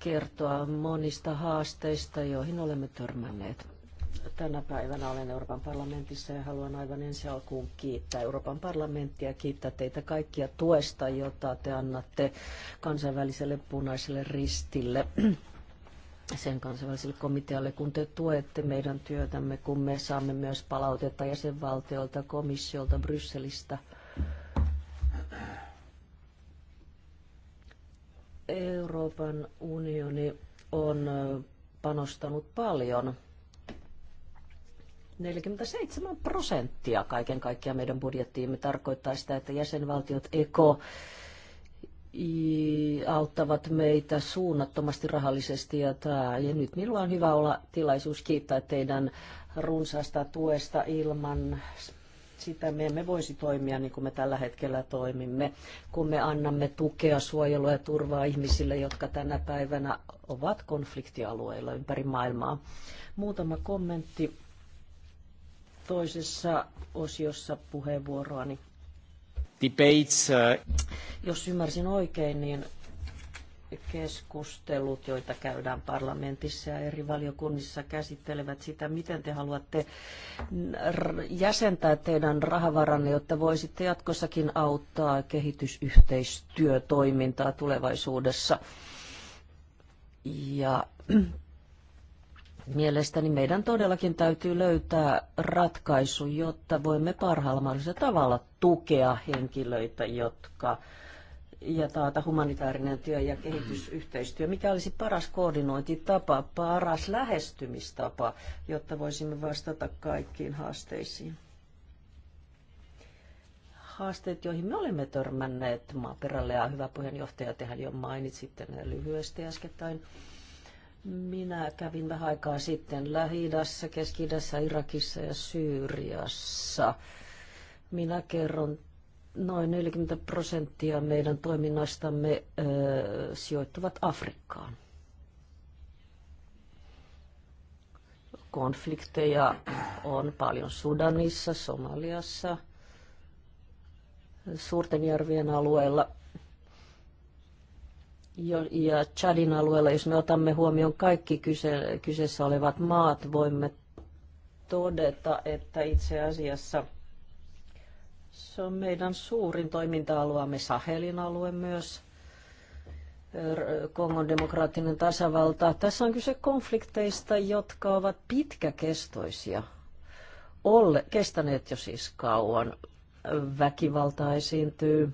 kertoa monista haasteista, joihin olemme törmänneet. Tänä päivänä olen Euroopan parlamentissa ja haluan aivan ensi alkuun kiittää Euroopan parlamenttia ja kiittää teitä kaikkia tuesta, jota te annatte kansainväliselle punaiselle ristille sen kansainväliselle komitealle, kun te tuette meidän työtämme, kun me saamme myös palautetta jäsenvaltiolta, komissiolta, Brysselistä. Euroopan unioni on panostanut paljon. 47 prosenttia kaiken kaikkiaan meidän budjettiimme tarkoittaa sitä, että jäsenvaltiot eko auttavat meitä suunnattomasti rahallisesti. Ja, tää, ja nyt minulla on hyvä olla tilaisuus kiittää teidän runsaasta tuesta ilman sitä me emme voisi toimia niin kuin me tällä hetkellä toimimme, kun me annamme tukea, suojelua ja turvaa ihmisille, jotka tänä päivänä ovat konfliktialueilla ympäri maailmaa. Muutama kommentti toisessa osiossa puheenvuoroani debates... Uh, Jos ymmärsin oikein, niin keskustelut, joita käydään parlamentissa ja eri valiokunnissa käsittelevät sitä, miten te haluatte jäsentää teidän rahavaranne, jotta voisitte jatkossakin auttaa kehitysyhteistyötoimintaa tulevaisuudessa. Ja Mielestäni meidän todellakin täytyy löytää ratkaisu, jotta voimme parhaalla mahdollisella tavalla tukea henkilöitä, jotka ja taata humanitaarinen työ ja kehitysyhteistyö. Mikä olisi paras koordinointitapa, paras lähestymistapa, jotta voisimme vastata kaikkiin haasteisiin? Haasteet, joihin me olemme törmänneet maaperälle ja hyvä puheenjohtaja, tehän jo mainitsitte ne lyhyesti äskettäin. Minä kävin vähän aikaa sitten Lähi-idässä, keski -idässä, Irakissa ja Syyriassa. Minä kerron noin 40 prosenttia meidän toiminnastamme ö, sijoittuvat Afrikkaan. Konflikteja on paljon Sudanissa, Somaliassa, Suurten järvien alueella – ja Chadin alueella, jos me otamme huomioon kaikki kyse, kyseessä olevat maat, voimme todeta, että itse asiassa se on meidän suurin toiminta-alueemme, Sahelin alue myös, er, Kongon demokraattinen tasavalta. Tässä on kyse konflikteista, jotka ovat pitkäkestoisia, Olle, kestäneet jo siis kauan. Väkivalta esiintyy,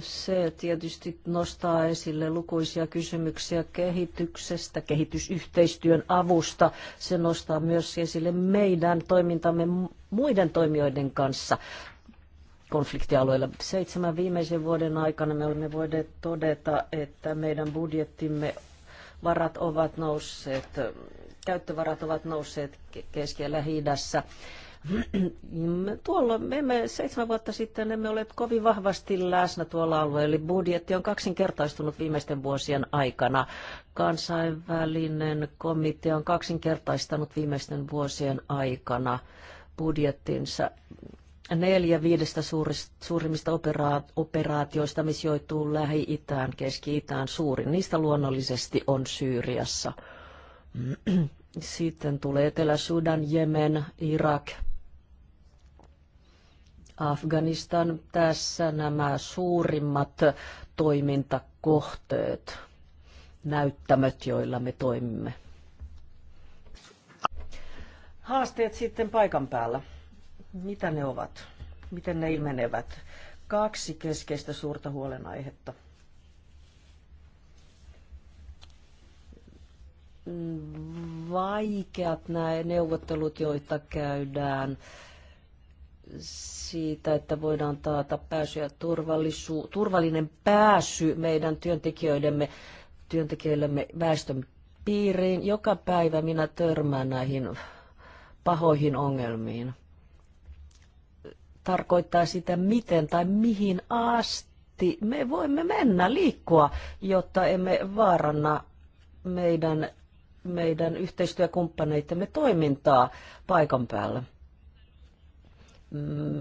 se tietysti nostaa esille lukuisia kysymyksiä kehityksestä, kehitysyhteistyön avusta. Se nostaa myös esille meidän toimintamme muiden toimijoiden kanssa konfliktialueilla. Seitsemän viimeisen vuoden aikana me olemme voineet todeta, että meidän budjettimme varat ovat nousseet, käyttövarat ovat nousseet keskellä hiidässä. Mm, Tuolloin me emme, seitsemän vuotta sitten emme ole kovin vahvasti läsnä tuolla alueella. Budjetti on kaksinkertaistunut viimeisten vuosien aikana. Kansainvälinen komitea on kaksinkertaistanut viimeisten vuosien aikana budjettinsa neljä viidestä suurimmista operaatioista, missä joituu Lähi-Itään, Keski-Itään suurin. Niistä luonnollisesti on Syyriassa. Sitten tulee Etelä-Sudan, Jemen, Irak, Afganistan tässä nämä suurimmat toimintakohteet, näyttämöt, joilla me toimimme. Haasteet sitten paikan päällä. Mitä ne ovat? Miten ne ilmenevät? Kaksi keskeistä suurta huolenaihetta. Vaikeat nämä neuvottelut, joita käydään siitä, että voidaan taata pääsy ja turvallisu, turvallinen pääsy meidän työntekijöidemme, työntekijöillemme väestön piiriin. Joka päivä minä törmään näihin pahoihin ongelmiin. Tarkoittaa sitä, miten tai mihin asti me voimme mennä liikkua, jotta emme vaaranna meidän, meidän yhteistyökumppaneittemme toimintaa paikan päällä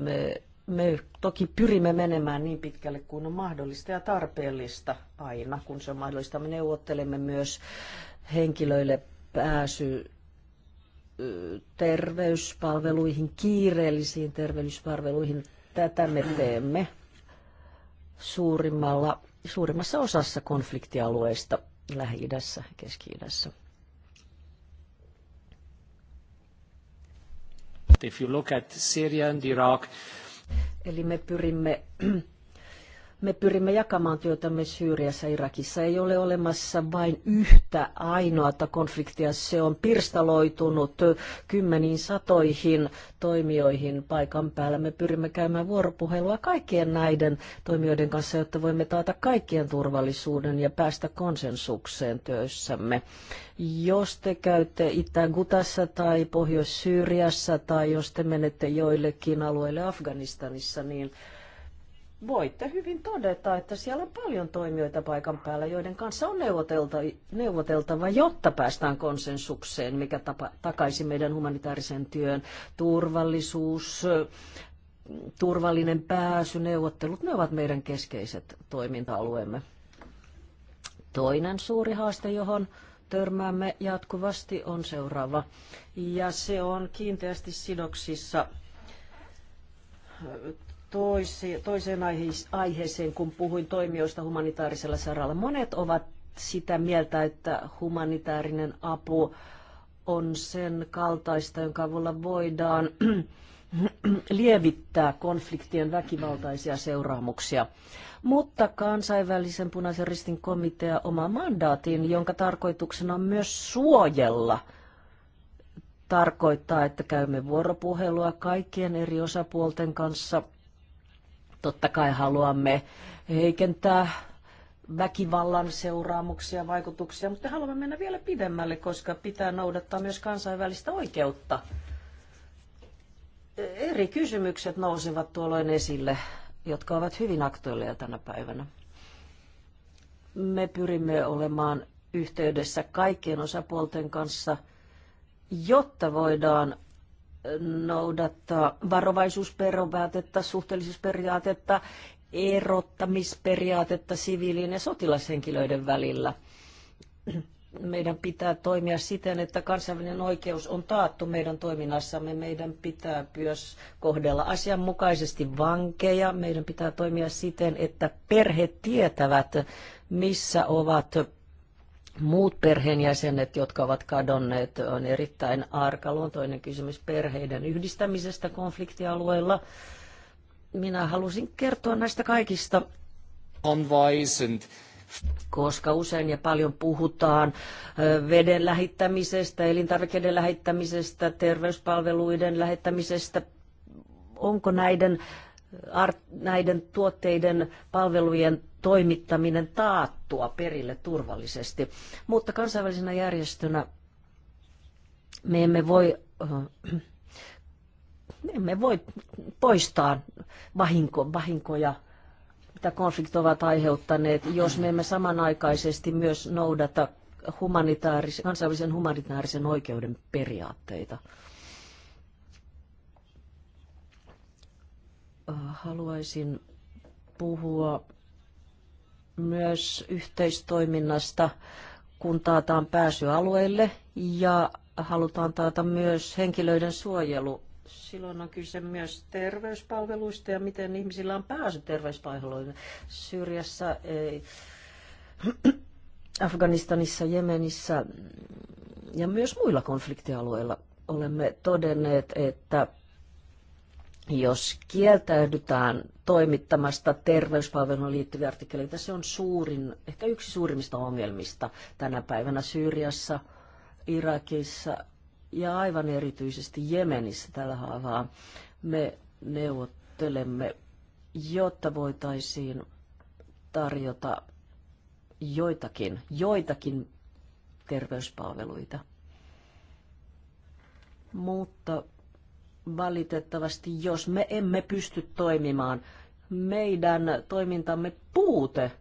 me, me toki pyrimme menemään niin pitkälle kuin on mahdollista ja tarpeellista aina, kun se on mahdollista. Me neuvottelemme myös henkilöille pääsy terveyspalveluihin, kiireellisiin terveyspalveluihin. Tätä me teemme suurimmalla, suurimmassa osassa konfliktialueista Lähi-idässä, Keski-idässä. But if you look at Syria and Iraq, Eli me pyrimme me pyrimme jakamaan työtämme Syyriassa, Irakissa. Ei ole olemassa vain yhtä ainoata konfliktia. Se on pirstaloitunut kymmeniin satoihin toimijoihin paikan päällä. Me pyrimme käymään vuoropuhelua kaikkien näiden toimijoiden kanssa, jotta voimme taata kaikkien turvallisuuden ja päästä konsensukseen työssämme. Jos te käytte Itä-Gutassa tai Pohjois-Syyriassa tai jos te menette joillekin alueille Afganistanissa, niin voitte hyvin todeta, että siellä on paljon toimijoita paikan päällä, joiden kanssa on neuvoteltava, neuvoteltava jotta päästään konsensukseen, mikä tapa, takaisi meidän humanitaarisen työn turvallisuus, turvallinen pääsy, neuvottelut, ne ovat meidän keskeiset toiminta-alueemme. Toinen suuri haaste, johon törmäämme jatkuvasti, on seuraava. Ja se on kiinteästi sidoksissa toise, toiseen aiheeseen, kun puhuin toimijoista humanitaarisella saralla. Monet ovat sitä mieltä, että humanitaarinen apu on sen kaltaista, jonka avulla voidaan lievittää konfliktien väkivaltaisia seuraamuksia. Mutta kansainvälisen punaisen ristin komitea oma mandaatin, jonka tarkoituksena on myös suojella tarkoittaa, että käymme vuoropuhelua kaikkien eri osapuolten kanssa – Totta kai haluamme heikentää väkivallan seuraamuksia ja vaikutuksia, mutta haluamme mennä vielä pidemmälle, koska pitää noudattaa myös kansainvälistä oikeutta. Eri kysymykset nousevat tuolloin esille, jotka ovat hyvin aktuelleja tänä päivänä. Me pyrimme olemaan yhteydessä kaikkien osapuolten kanssa, jotta voidaan noudattaa varovaisuusperiaatetta, suhteellisuusperiaatetta, erottamisperiaatetta siviilien ja sotilashenkilöiden välillä. Meidän pitää toimia siten, että kansainvälinen oikeus on taattu meidän toiminnassamme. Meidän pitää myös kohdella asianmukaisesti vankeja. Meidän pitää toimia siten, että perheet tietävät, missä ovat muut perheenjäsenet, jotka ovat kadonneet, on erittäin arkaluontoinen kysymys perheiden yhdistämisestä konfliktialueilla. Minä halusin kertoa näistä kaikista, koska usein ja paljon puhutaan veden lähittämisestä, elintarvikeiden lähittämisestä, terveyspalveluiden lähettämisestä. Onko näiden, näiden tuotteiden, palvelujen toimittaminen taattua perille turvallisesti. Mutta kansainvälisenä järjestönä me emme voi, äh, emme voi poistaa vahinko, vahinkoja, mitä konfliktit ovat aiheuttaneet, jos me emme samanaikaisesti myös noudata humanitaarisen, kansainvälisen humanitaarisen oikeuden periaatteita. Äh, haluaisin puhua myös yhteistoiminnasta, kun taataan pääsy ja halutaan taata myös henkilöiden suojelu. Silloin on kyse myös terveyspalveluista ja miten ihmisillä on pääsy terveyspalveluihin. Syyriassa, ei, Afganistanissa, Jemenissä ja myös muilla konfliktialueilla olemme todenneet, että jos kieltäydytään toimittamasta terveyspalveluun liittyviä artikkeleita. Se on suurin, ehkä yksi suurimmista ongelmista tänä päivänä Syyriassa, Irakissa ja aivan erityisesti Jemenissä tällä haavaa. Me neuvottelemme, jotta voitaisiin tarjota joitakin, joitakin terveyspalveluita. Mutta valitettavasti, jos me emme pysty toimimaan meidän toimintamme puute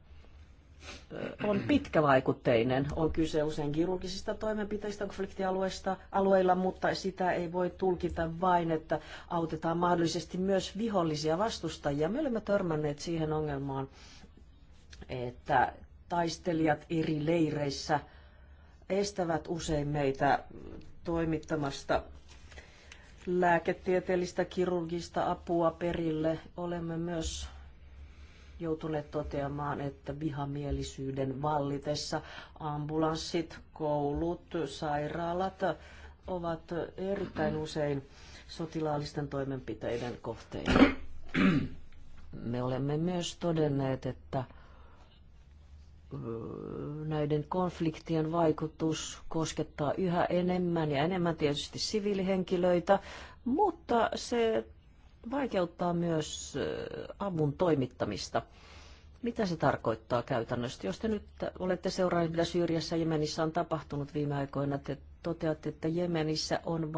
on pitkävaikutteinen. On kyse usein kirurgisista toimenpiteistä konfliktialueista alueilla, mutta sitä ei voi tulkita vain, että autetaan mahdollisesti myös vihollisia vastustajia. Me olemme törmänneet siihen ongelmaan, että taistelijat eri leireissä estävät usein meitä toimittamasta lääketieteellistä kirurgista apua perille. Olemme myös joutuneet toteamaan, että vihamielisyyden vallitessa ambulanssit, koulut, sairaalat ovat erittäin usein sotilaallisten toimenpiteiden kohteina. Me olemme myös todenneet, että näiden konfliktien vaikutus koskettaa yhä enemmän ja enemmän tietysti siviilihenkilöitä, mutta se vaikeuttaa myös äh, avun toimittamista. Mitä se tarkoittaa käytännössä? Jos te nyt olette seuranneet, mitä Syyriassa ja Jemenissä on tapahtunut viime aikoina, te toteatte, että Jemenissä on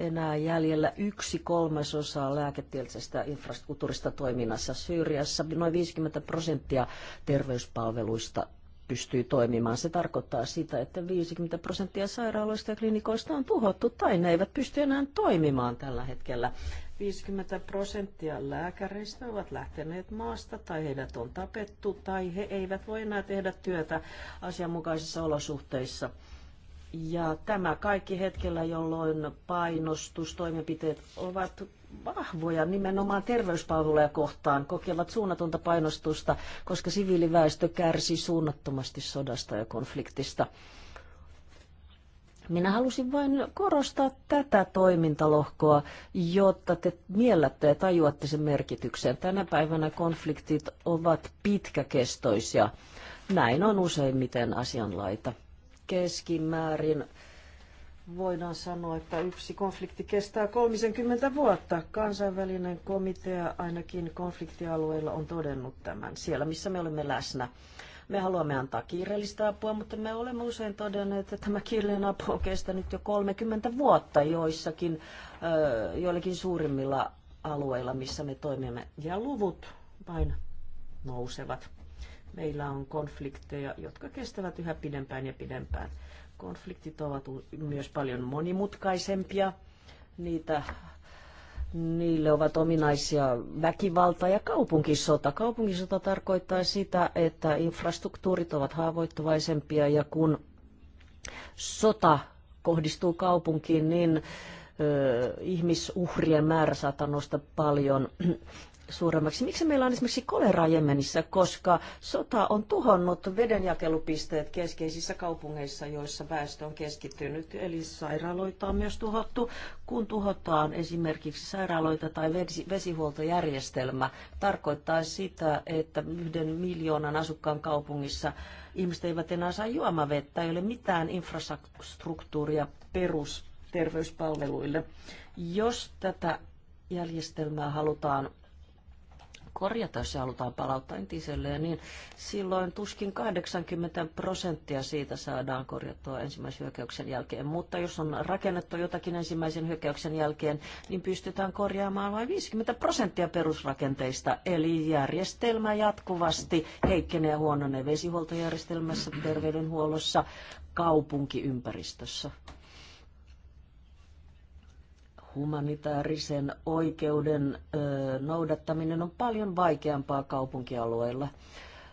enää jäljellä yksi kolmasosa lääketieteellisestä infrastruktuurista toiminnassa. Syyriassa noin 50 prosenttia terveyspalveluista pystyy toimimaan. Se tarkoittaa sitä, että 50 prosenttia sairaaloista ja klinikoista on tuhottu tai ne eivät pysty enää toimimaan tällä hetkellä. 50 prosenttia lääkäreistä ovat lähteneet maasta tai heidät on tapettu tai he eivät voi enää tehdä työtä asianmukaisissa olosuhteissa. Ja tämä kaikki hetkellä, jolloin painostustoimenpiteet ovat vahvoja nimenomaan terveyspalveluja kohtaan, kokevat suunnatonta painostusta, koska siviiliväestö kärsii suunnattomasti sodasta ja konfliktista. Minä halusin vain korostaa tätä toimintalohkoa, jotta te miellätte ja tajuatte sen merkityksen. Tänä päivänä konfliktit ovat pitkäkestoisia. Näin on useimmiten asianlaita keskimäärin voidaan sanoa, että yksi konflikti kestää 30 vuotta. Kansainvälinen komitea ainakin konfliktialueilla on todennut tämän, siellä missä me olemme läsnä. Me haluamme antaa kiireellistä apua, mutta me olemme usein todenneet, että tämä kiireellinen apu on kestänyt jo 30 vuotta joissakin, joillakin suurimmilla alueilla, missä me toimimme. Ja luvut vain nousevat. Meillä on konflikteja, jotka kestävät yhä pidempään ja pidempään. Konfliktit ovat myös paljon monimutkaisempia. Niitä Niille ovat ominaisia väkivalta ja kaupunkisota. Kaupunkisota tarkoittaa sitä, että infrastruktuurit ovat haavoittuvaisempia ja kun sota kohdistuu kaupunkiin, niin ihmisuhrien määrä saattaa nousta paljon suuremmaksi. Miksi meillä on esimerkiksi kolera Jemenissä, koska sota on tuhonnut vedenjakelupisteet keskeisissä kaupungeissa, joissa väestö on keskittynyt. Eli sairaaloita on myös tuhottu, kun tuhotaan esimerkiksi sairaaloita tai vesihuoltojärjestelmä. Tarkoittaa sitä, että yhden miljoonan asukkaan kaupungissa ihmiset eivät enää saa juomavettä, ei ole mitään infrastruktuuria perusterveyspalveluille. Jos tätä järjestelmää halutaan korjata, jos se halutaan palauttaa entiselle, niin silloin tuskin 80 prosenttia siitä saadaan korjattua ensimmäisen hyökkäyksen jälkeen. Mutta jos on rakennettu jotakin ensimmäisen hyökkäyksen jälkeen, niin pystytään korjaamaan vain 50 prosenttia perusrakenteista. Eli järjestelmä jatkuvasti heikkenee huononeen vesihuoltojärjestelmässä, terveydenhuollossa, kaupunkiympäristössä humanitaarisen oikeuden noudattaminen on paljon vaikeampaa kaupunkialueilla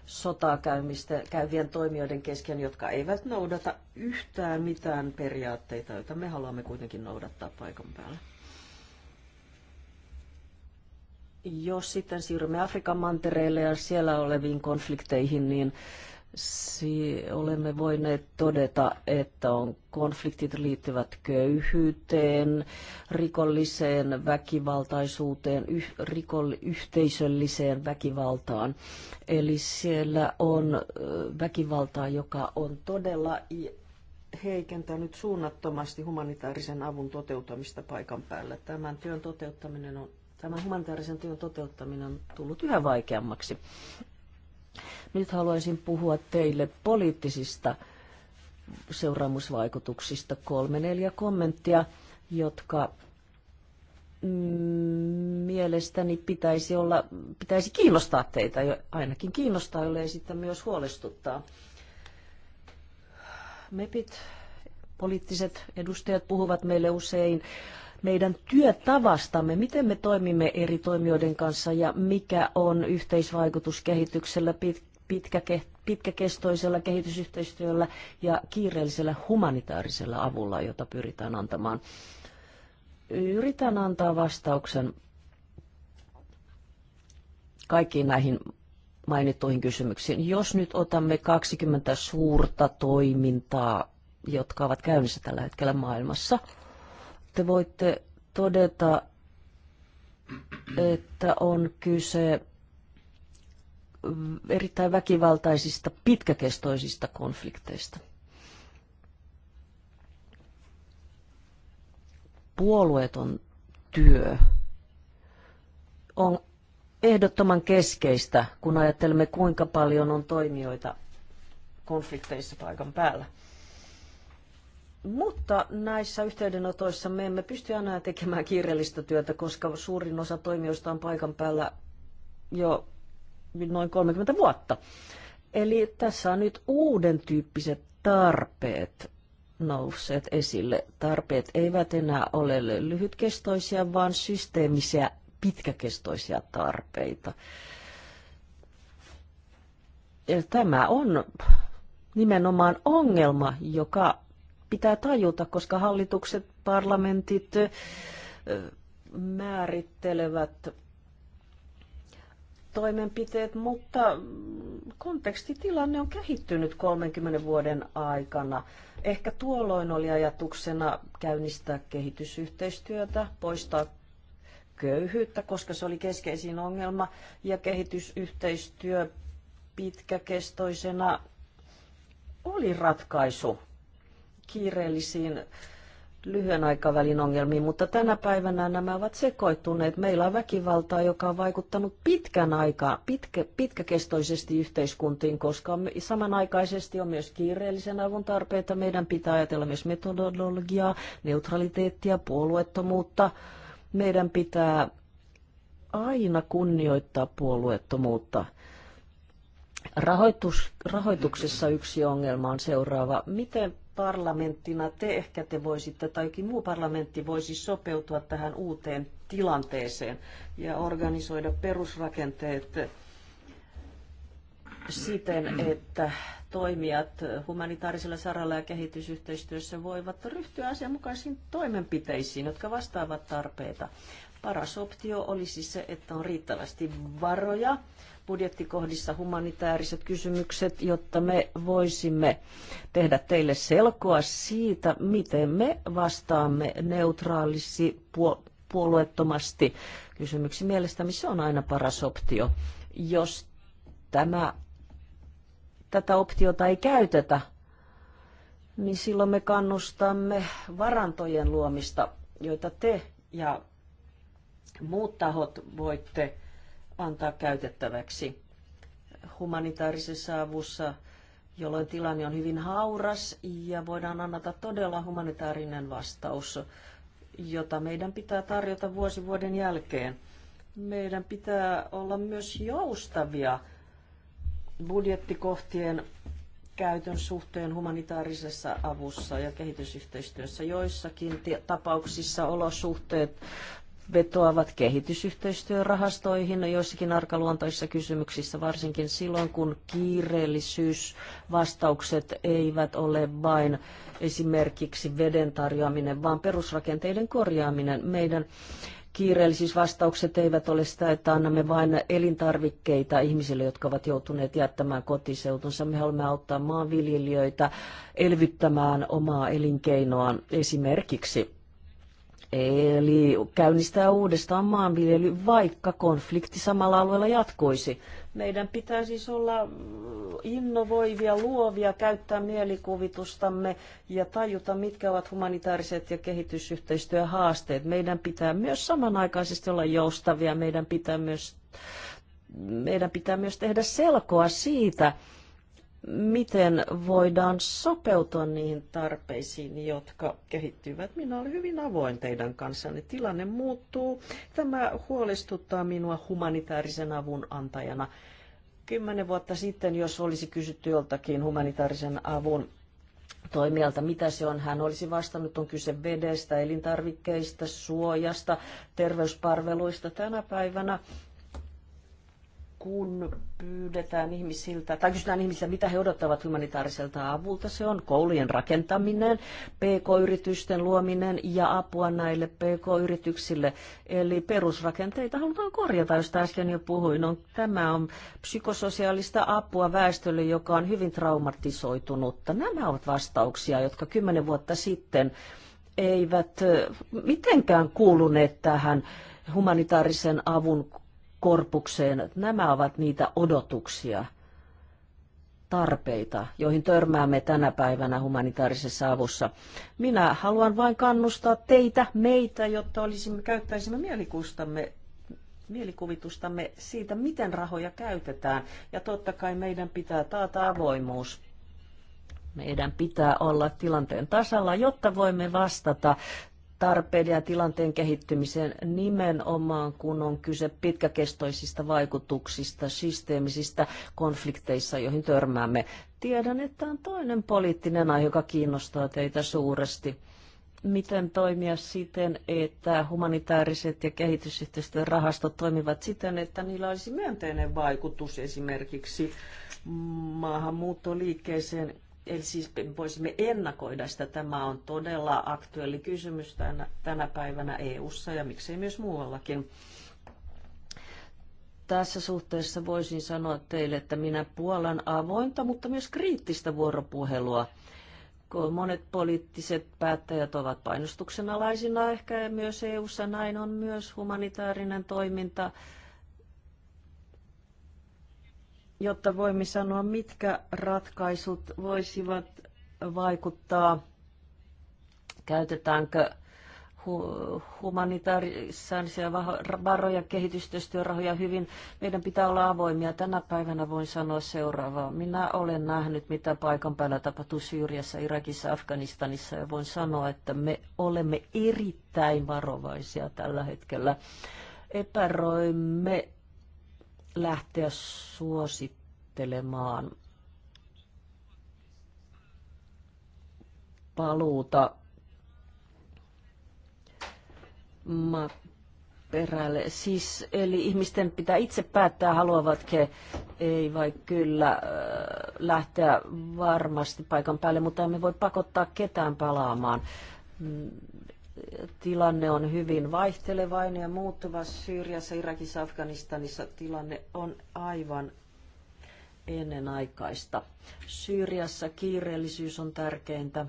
sotaa käymistä, käyvien toimijoiden kesken, jotka eivät noudata yhtään mitään periaatteita, joita me haluamme kuitenkin noudattaa paikan päällä. Jos sitten siirrymme Afrikan mantereelle ja siellä oleviin konflikteihin, niin Si- olemme voineet todeta, että on konfliktit liittyvät köyhyyteen, rikolliseen väkivaltaisuuteen, yh- rikoll- yhteisölliseen väkivaltaan. Eli siellä on väkivaltaa, joka on todella heikentänyt suunnattomasti humanitaarisen avun toteutamista paikan päällä. Tämän työn toteuttaminen on Tämä humanitaarisen työn toteuttaminen on tullut yhä vaikeammaksi. Nyt haluaisin puhua teille poliittisista seuraamusvaikutuksista kolme neljä kommenttia, jotka mm, mielestäni pitäisi, olla, pitäisi kiinnostaa teitä, ainakin kiinnostaa, jollei sitten myös huolestuttaa. MEPit, poliittiset edustajat puhuvat meille usein meidän työtavastamme, miten me toimimme eri toimijoiden kanssa ja mikä on yhteisvaikutus kehityksellä, pitkä, pitkäkestoisella kehitysyhteistyöllä ja kiireellisellä humanitaarisella avulla, jota pyritään antamaan. Yritän antaa vastauksen kaikkiin näihin mainittuihin kysymyksiin. Jos nyt otamme 20 suurta toimintaa, jotka ovat käynnissä tällä hetkellä maailmassa – te voitte todeta, että on kyse erittäin väkivaltaisista, pitkäkestoisista konflikteista. Puolueeton työ on ehdottoman keskeistä, kun ajattelemme, kuinka paljon on toimijoita konflikteissa paikan päällä. Mutta näissä yhteydenotoissa me emme pysty enää tekemään kiireellistä työtä, koska suurin osa toimijoista on paikan päällä jo noin 30 vuotta. Eli tässä on nyt uuden tyyppiset tarpeet nousseet esille. Tarpeet eivät enää ole lyhytkestoisia, vaan systeemisiä pitkäkestoisia tarpeita. Ja tämä on nimenomaan ongelma, joka pitää tajuta, koska hallitukset, parlamentit määrittelevät toimenpiteet, mutta kontekstitilanne on kehittynyt 30 vuoden aikana. Ehkä tuolloin oli ajatuksena käynnistää kehitysyhteistyötä, poistaa köyhyyttä, koska se oli keskeisin ongelma, ja kehitysyhteistyö pitkäkestoisena oli ratkaisu kiireellisiin lyhyen aikavälin ongelmiin, mutta tänä päivänä nämä ovat sekoittuneet. Meillä on väkivaltaa, joka on vaikuttanut pitkän aikaa, pitkä, pitkäkestoisesti yhteiskuntiin, koska samanaikaisesti on myös kiireellisen avun tarpeita. Meidän pitää ajatella myös metodologiaa, neutraliteettia, puolueettomuutta. Meidän pitää aina kunnioittaa puolueettomuutta. Rahoitus, rahoituksessa yksi ongelma on seuraava. Miten parlamenttina te ehkä te voisitte tai jokin muu parlamentti voisi sopeutua tähän uuteen tilanteeseen ja organisoida perusrakenteet siten, että toimijat humanitaarisella saralla ja kehitysyhteistyössä voivat ryhtyä asianmukaisiin toimenpiteisiin, jotka vastaavat tarpeita. Paras optio olisi siis se, että on riittävästi varoja budjettikohdissa humanitaariset kysymykset, jotta me voisimme tehdä teille selkoa siitä, miten me vastaamme neutraalisti puolueettomasti kysymyksi. Mielestäni se on aina paras optio. Jos tämä, tätä optiota ei käytetä, niin silloin me kannustamme varantojen luomista, joita te ja muut tahot voitte antaa käytettäväksi humanitaarisessa avussa, jolloin tilanne on hyvin hauras ja voidaan annata todella humanitaarinen vastaus, jota meidän pitää tarjota vuosi vuoden jälkeen. Meidän pitää olla myös joustavia budjettikohtien käytön suhteen humanitaarisessa avussa ja kehitysyhteistyössä. Joissakin tapauksissa olosuhteet vetoavat kehitysyhteistyörahastoihin joissakin arkaluontoisissa kysymyksissä, varsinkin silloin, kun kiireellisyysvastaukset eivät ole vain esimerkiksi veden tarjoaminen, vaan perusrakenteiden korjaaminen. Meidän kiireellisyysvastaukset eivät ole sitä, että annamme vain elintarvikkeita ihmisille, jotka ovat joutuneet jättämään kotiseutunsa. Me haluamme auttaa maanviljelijöitä elvyttämään omaa elinkeinoaan esimerkiksi Eli käynnistää uudestaan maanviljely, vaikka konflikti samalla alueella jatkuisi. Meidän pitää siis olla innovoivia, luovia, käyttää mielikuvitustamme ja tajuta, mitkä ovat humanitaariset ja kehitysyhteistyöhaasteet. Meidän pitää myös samanaikaisesti olla joustavia, meidän pitää myös, meidän pitää myös tehdä selkoa siitä, miten voidaan sopeutua niihin tarpeisiin, jotka kehittyvät. Minä olen hyvin avoin teidän kanssanne. Tilanne muuttuu. Tämä huolestuttaa minua humanitaarisen avun antajana. Kymmenen vuotta sitten, jos olisi kysytty joltakin humanitaarisen avun toimijalta, mitä se on. Hän olisi vastannut, on kyse vedestä, elintarvikkeista, suojasta, terveyspalveluista. Tänä päivänä kun pyydetään ihmisiltä, tai kysytään ihmisiltä, mitä he odottavat humanitaariselta avulta, se on koulujen rakentaminen, pk-yritysten luominen ja apua näille pk-yrityksille. Eli perusrakenteita halutaan korjata, jos äsken jo puhuin. On, tämä on psykososiaalista apua väestölle, joka on hyvin traumatisoitunutta. Nämä ovat vastauksia, jotka kymmenen vuotta sitten eivät mitenkään kuuluneet tähän humanitaarisen avun korpukseen. Nämä ovat niitä odotuksia, tarpeita, joihin törmäämme tänä päivänä humanitaarisessa avussa. Minä haluan vain kannustaa teitä, meitä, jotta olisimme, käyttäisimme mielikustamme mielikuvitustamme siitä, miten rahoja käytetään. Ja totta kai meidän pitää taata avoimuus. Meidän pitää olla tilanteen tasalla, jotta voimme vastata tarpeiden ja tilanteen kehittymiseen nimenomaan, kun on kyse pitkäkestoisista vaikutuksista, systeemisistä konflikteissa, joihin törmäämme. Tiedän, että on toinen poliittinen aihe, joka kiinnostaa teitä suuresti. Miten toimia siten, että humanitaariset ja kehitysyhteistyön rahastot toimivat siten, että niillä olisi myönteinen vaikutus esimerkiksi maahanmuuttoliikkeeseen Eli siis voisimme ennakoida sitä. Tämä on todella aktuelli kysymys tänä, tänä päivänä EU:ssa ja miksei myös muuallakin. Tässä suhteessa voisin sanoa teille, että minä puolan avointa, mutta myös kriittistä vuoropuhelua kun monet poliittiset päättäjät ovat painostuksen alaisina ehkä ja myös EU-ssa näin on myös humanitaarinen toiminta jotta voimme sanoa, mitkä ratkaisut voisivat vaikuttaa, käytetäänkö humanitaarisia varoja, kehitystyörahoja hyvin. Meidän pitää olla avoimia. Tänä päivänä voin sanoa seuraavaa. Minä olen nähnyt, mitä paikan päällä tapahtuu Syyriassa, Irakissa, Afganistanissa ja voin sanoa, että me olemme erittäin varovaisia tällä hetkellä. Epäroimme lähteä suosittelemaan paluuta Ma- perälle. Siis, eli ihmisten pitää itse päättää, haluavatko ei vai kyllä äh, lähteä varmasti paikan päälle, mutta emme voi pakottaa ketään palaamaan mm, tilanne on hyvin vaihtelevainen ja muuttuva. Syyriassa, Irakissa, Afganistanissa tilanne on aivan ennenaikaista. Syyriassa kiireellisyys on tärkeintä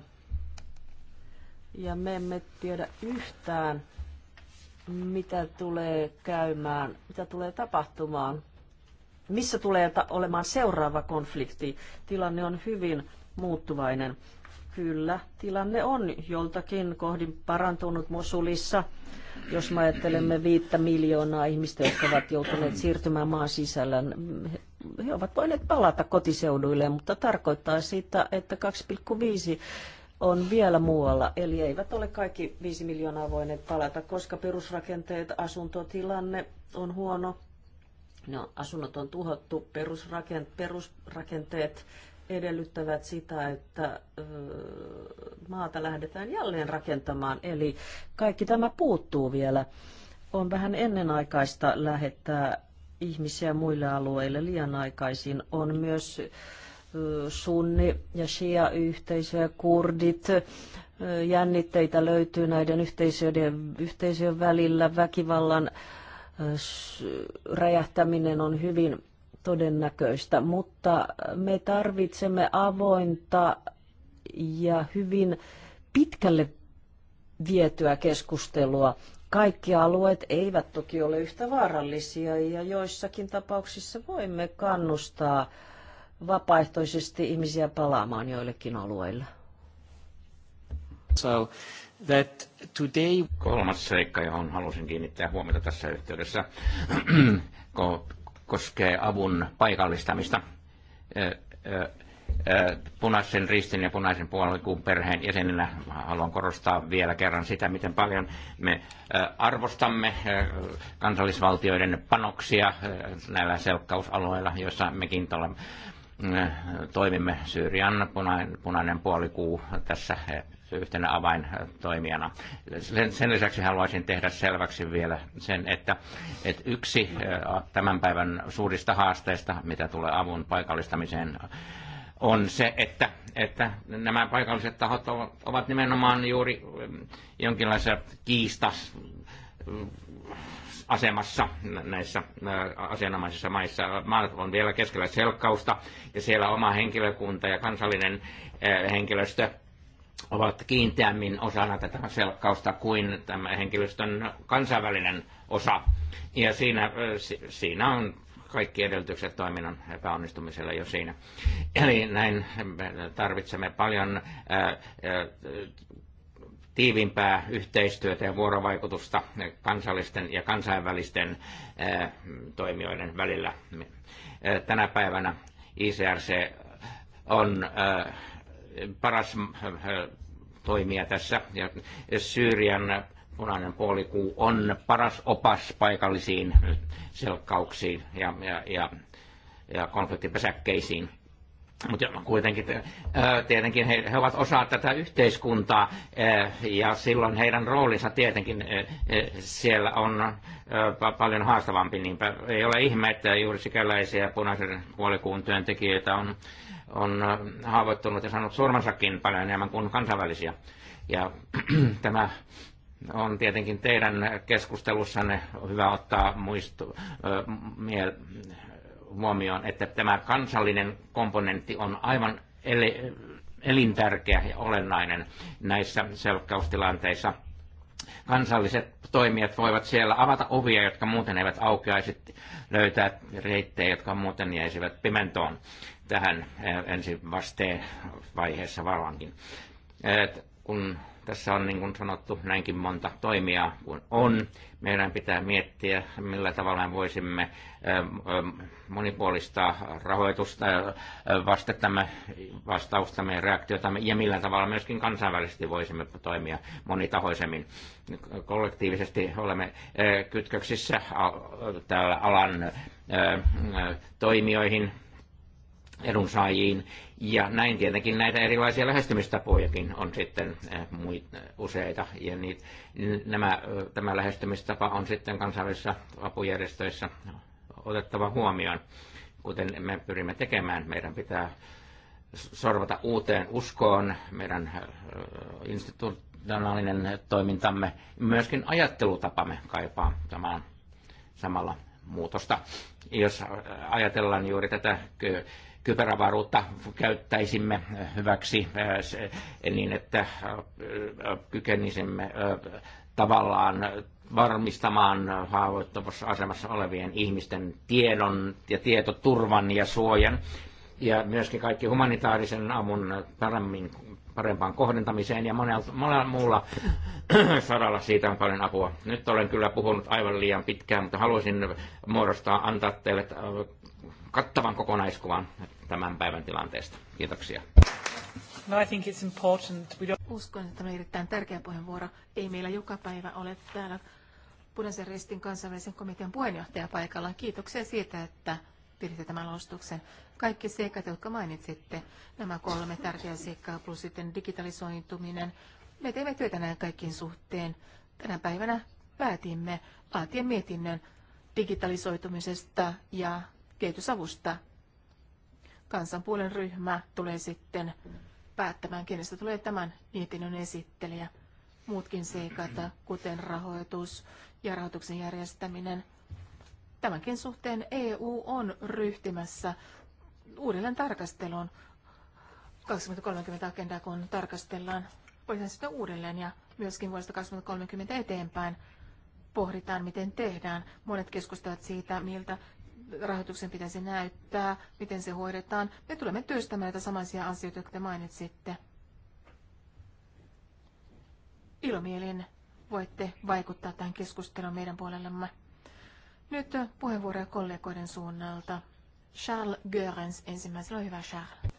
ja me emme tiedä yhtään, mitä tulee käymään, mitä tulee tapahtumaan, missä tulee olemaan seuraava konflikti. Tilanne on hyvin muuttuvainen. Kyllä, tilanne on joltakin kohdin parantunut Mosulissa, jos me ajattelemme viittä miljoonaa ihmistä, jotka ovat joutuneet siirtymään maan sisällä. He ovat voineet palata kotiseuduille, mutta tarkoittaa sitä, että 2,5 on vielä muualla, eli eivät ole kaikki 5 miljoonaa voineet palata, koska perusrakenteet, asuntotilanne on huono, no, asunnot on tuhottu, perusrakenteet, perusrakenteet edellyttävät sitä, että maata lähdetään jälleen rakentamaan. Eli kaikki tämä puuttuu vielä. On vähän ennenaikaista lähettää ihmisiä muille alueille liian aikaisin. On myös sunni- ja shia-yhteisöjä, kurdit, jännitteitä löytyy näiden yhteisöiden yhteisöjen välillä, väkivallan räjähtäminen on hyvin todennäköistä, mutta me tarvitsemme avointa ja hyvin pitkälle vietyä keskustelua. Kaikki alueet eivät toki ole yhtä vaarallisia ja joissakin tapauksissa voimme kannustaa vapaaehtoisesti ihmisiä palaamaan joillekin alueille. So that today... Kolmas seikka, johon halusin kiinnittää huomiota tässä yhteydessä, koskee avun paikallistamista. Punaisen ristin ja punaisen puolen perheen jäsenenä haluan korostaa vielä kerran sitä, miten paljon me arvostamme kansallisvaltioiden panoksia näillä selkkausalueilla, joissa mekin olemme Eh, toimimme Syyrian punainen puolikuu tässä eh, yhtenä avaintoimijana. Sen, lisäksi haluaisin tehdä selväksi vielä sen, että, että yksi eh, tämän päivän suurista haasteista, mitä tulee avun paikallistamiseen, on se, että, että nämä paikalliset tahot ovat, ovat nimenomaan juuri jonkinlaisessa kiistas asemassa näissä asianomaisissa maissa. Maat on vielä keskellä selkkausta ja siellä oma henkilökunta ja kansallinen eh, henkilöstö ovat kiinteämmin osana tätä selkkausta kuin tämä henkilöstön kansainvälinen osa. Ja siinä, eh, siinä on kaikki edellytykset toiminnan epäonnistumiselle jo siinä. Eli näin tarvitsemme paljon eh, tiivimpää yhteistyötä ja vuorovaikutusta kansallisten ja kansainvälisten toimijoiden välillä. Tänä päivänä ICRC on paras toimija tässä ja Syyrian punainen puolikuu on paras opas paikallisiin selkkauksiin ja, ja, ja, ja konfliktipesäkkeisiin mutta no kuitenkin tietenkin he, he ovat osa tätä yhteiskuntaa ja silloin heidän roolinsa tietenkin siellä on paljon haastavampi. Niinpä ei ole ihme, että juuri sikäläisiä punaisen puolikuun työntekijöitä on, on haavoittunut ja saanut surmansakin paljon enemmän kuin kansainvälisiä. Ja tämä on tietenkin teidän keskustelussanne hyvä ottaa muistu, huomioon, että tämä kansallinen komponentti on aivan elintärkeä ja olennainen näissä selkkaustilanteissa. Kansalliset toimijat voivat siellä avata ovia, jotka muuten eivät aukeaisi, löytää reittejä, jotka muuten jäisivät pimentoon tähän eh, ensi vasteen vaiheessa varmaankin. Et kun tässä on niin kuin sanottu näinkin monta toimijaa kuin on, meidän pitää miettiä, millä tavalla me voisimme monipuolistaa rahoitusta, vastettamme, vastaustamme ja reaktiotamme, ja millä tavalla myöskin kansainvälisesti voisimme toimia monitahoisemmin. Kollektiivisesti olemme kytköksissä täällä alan toimijoihin, edunsaajiin. Ja näin tietenkin näitä erilaisia lähestymistapojakin on sitten eh, eh, useita. Ja niitä, nämä, tämä lähestymistapa on sitten kansallisissa apujärjestöissä otettava huomioon, kuten me pyrimme tekemään. Meidän pitää sorvata uuteen uskoon meidän eh, institutionaalinen toimintamme, myöskin ajattelutapamme kaipaa tämän samalla muutosta. Jos ajatellaan juuri tätä kyberavaruutta käyttäisimme hyväksi eh, niin, että eh, kykenisimme eh, tavallaan varmistamaan haavoittuvassa asemassa olevien ihmisten tiedon ja tietoturvan ja suojan ja myöskin kaikki humanitaarisen avun paremmin, parempaan kohdentamiseen ja monella, monella muulla saralla siitä on paljon apua. Nyt olen kyllä puhunut aivan liian pitkään, mutta haluaisin muodostaa, antaa teille äh, kattavan kokonaiskuvan tämän päivän tilanteesta. Kiitoksia. No, I think it's important. We don't... Uskon, että on erittäin tärkeä puheenvuoro. Ei meillä joka päivä ole täällä Punaisen ristin kansainvälisen komitean puheenjohtaja paikalla. Kiitoksia siitä, että piditte tämän alustuksen. Kaikki seikat, jotka mainitsitte, nämä kolme tärkeää seikkaa plus sitten digitalisointuminen. Me teemme työtä näin kaikkiin suhteen. Tänä päivänä päätimme laatia mietinnön digitalisoitumisesta ja kehitysavusta. Kansanpuolen ryhmä tulee sitten päättämään, kenestä tulee tämän mietinnön esittelijä. Muutkin seikat, kuten rahoitus ja rahoituksen järjestäminen, Tämänkin suhteen EU on ryhtymässä uudelleen tarkasteluun 2030 agendaa, kun tarkastellaan voidaan sitä uudelleen ja myöskin vuodesta 2030 eteenpäin pohditaan, miten tehdään. Monet keskustelevat siitä, miltä rahoituksen pitäisi näyttää, miten se hoidetaan. Me tulemme työstämään näitä samaisia asioita, jotka te mainitsitte. Ilomielin voitte vaikuttaa tähän keskusteluun meidän puolellemme. Nyt puheenvuoroja kollegoiden suunnalta. Charles Görens ensimmäisenä. Ole hyvä, Charles.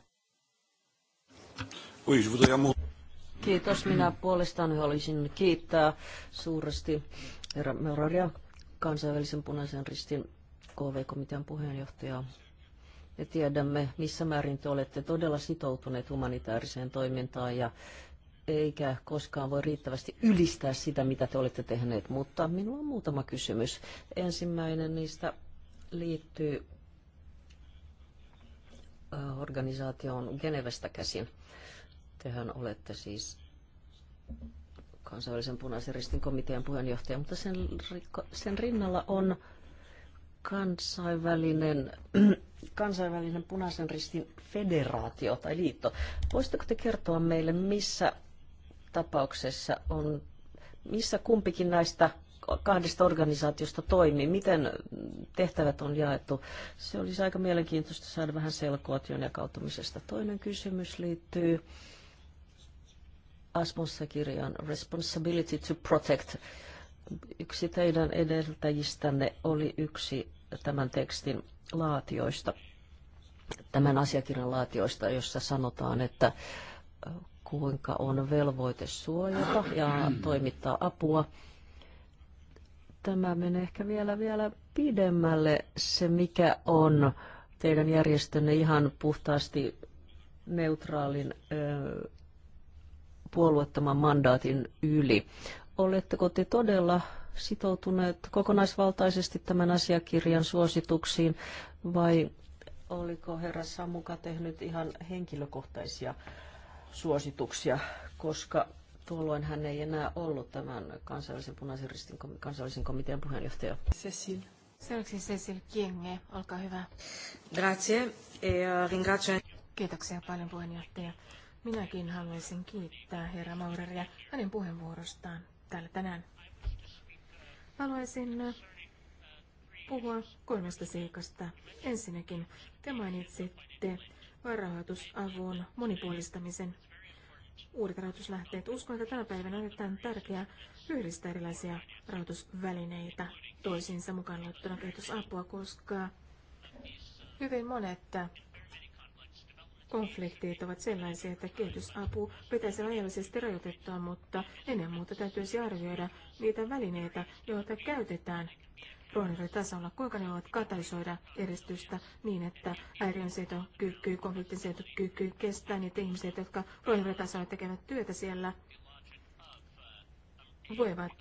Kiitos. Minä puolestani haluaisin kiittää suuresti herra Meuraria, kansainvälisen punaisen ristin KV-komitean puheenjohtajaa. Me tiedämme, missä määrin te olette todella sitoutuneet humanitaariseen toimintaan ja eikä koskaan voi riittävästi ylistää sitä, mitä te olette tehneet. Mutta minulla on muutama kysymys. Ensimmäinen niistä liittyy äh, organisaation Genevestä käsin. Tehän olette siis kansainvälisen punaisen ristin komitean puheenjohtaja, mutta sen, sen rinnalla on kansainvälinen, kansainvälinen punaisen ristin federaatio tai liitto. Voisitteko te kertoa meille, missä tapauksessa on, missä kumpikin näistä kahdesta organisaatiosta toimii, miten tehtävät on jaettu. Se olisi aika mielenkiintoista saada vähän selkoa työn jakautumisesta. Toinen kysymys liittyy Asmossa kirjaan Responsibility to Protect. Yksi teidän edeltäjistänne oli yksi tämän tekstin laatioista, tämän asiakirjan laatioista, jossa sanotaan, että kuinka on velvoite suojata ja toimittaa apua. Tämä menee ehkä vielä, vielä pidemmälle se, mikä on teidän järjestönne ihan puhtaasti neutraalin ö, puolueettoman mandaatin yli. Oletteko te todella sitoutuneet kokonaisvaltaisesti tämän asiakirjan suosituksiin vai oliko herra Samuka tehnyt ihan henkilökohtaisia suosituksia, koska tuolloin hän ei enää ollut tämän kansallisen punaisen ristin kansallisen komitean puheenjohtaja. Cecil. Seuraavaksi siis Cecil Kienge, olkaa hyvä. Grazie. E, ringrazio. Kiitoksia paljon puheenjohtaja. Minäkin haluaisin kiittää herra Maureria hänen puheenvuorostaan täällä tänään. Haluaisin äh, puhua kolmesta seikasta. Ensinnäkin te mainitsitte rahoitusavun monipuolistamisen. Uudet rahoituslähteet. Uskon, että tänä päivänä on erittäin tärkeää yhdistää erilaisia rahoitusvälineitä toisiinsa mukaan luettuna kehitysapua, koska hyvin monet konfliktit ovat sellaisia, että kehitysapu pitäisi rajallisesti rajoitettua, mutta ennen muuta täytyisi arvioida niitä välineitä, joita käytetään ruohonjuuritasolla, kuinka ne voivat katalysoida eristystä niin, että häiriönsietokyky, konfliktinsietokyky kestää niitä ihmisiä, jotka olla tekevät työtä siellä, voivat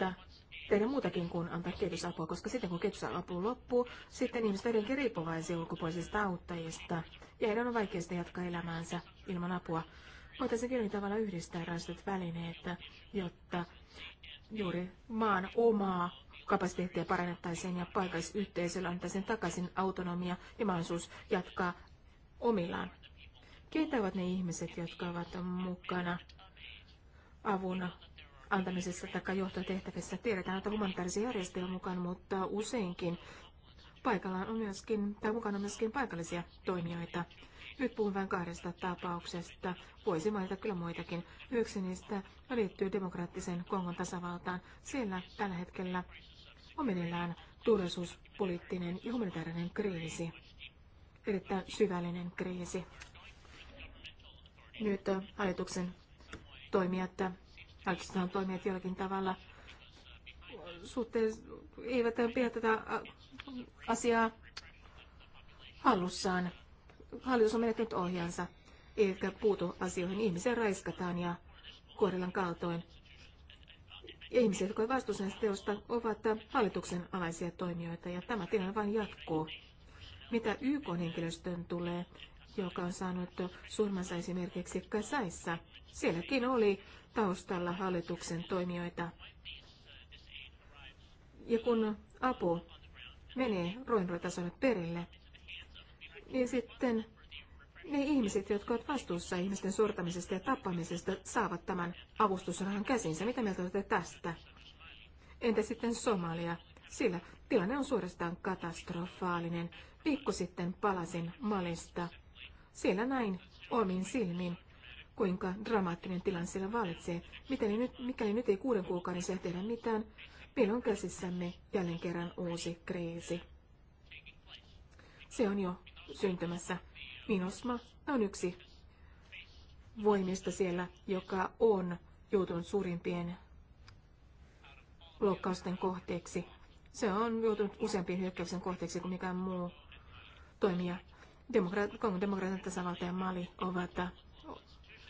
tehdä muutakin kuin antaa kehitysapua, koska sitten kun kehitysapu loppuu, sitten ihmiset ovat edelleenkin riippuvaisia ulkopuolisista auttajista, ja heidän on vaikeasti jatkaa elämäänsä ilman apua. Voitaisiin jollakin tavalla yhdistää rastet välineet, jotta juuri maan omaa kapasiteettia parannettaisiin ja paikallisyhteisöllä antaisiin takaisin autonomia ja mahdollisuus jatkaa omillaan. Keitä ovat ne ihmiset, jotka ovat mukana avun antamisessa tai johtotehtävissä? Tiedetään, että humanitaarisia järjestöjä on mukaan, mutta useinkin paikallaan on myöskin, tai mukana on myöskin paikallisia toimijoita. Nyt puhun vain kahdesta tapauksesta. Voisi mainita kyllä muitakin. Yksi niistä liittyy demokraattiseen Kongon tasavaltaan. Siellä tällä hetkellä on meneillään turvallisuuspoliittinen ja humanitaarinen kriisi, erittäin syvällinen kriisi. Nyt hallituksen toimijat, hallituksen toimijat jollakin tavalla suhteen, eivät pidä tätä asiaa hallussaan. Hallitus on menettänyt ohjansa, eikä puutu asioihin. Ihmisiä raiskataan ja kuorellaan kaltoin. Ja ihmiset, jotka ovat vastuussa näistä teosta, ovat hallituksen alaisia toimijoita, ja tämä tilanne vain jatkuu. Mitä YK-henkilöstön tulee, joka on saanut surmansa esimerkiksi Kasaissa, sielläkin oli taustalla hallituksen toimijoita. Ja kun apu menee roinroitasolle perille, niin sitten ne ihmiset, jotka ovat vastuussa ihmisten sortamisesta ja tappamisesta, saavat tämän avustusrahan käsinsä. Mitä mieltä olette tästä? Entä sitten Somalia? Sillä tilanne on suorastaan katastrofaalinen. Viikko sitten palasin Malista. Siellä näin omin silmin, kuinka dramaattinen tilanne siellä valitsee. Mikäli nyt, mikäli nyt ei kuuden kuukauden siellä tehdä mitään, meillä on käsissämme jälleen kerran uusi kriisi. Se on jo syntymässä. Minusma on yksi voimista siellä, joka on joutunut suurimpien loukkausten kohteeksi. Se on joutunut useampien hyökkäyksen kohteeksi kuin mikään muu toimija. Kongon demokratian tasavalta ja Mali ovat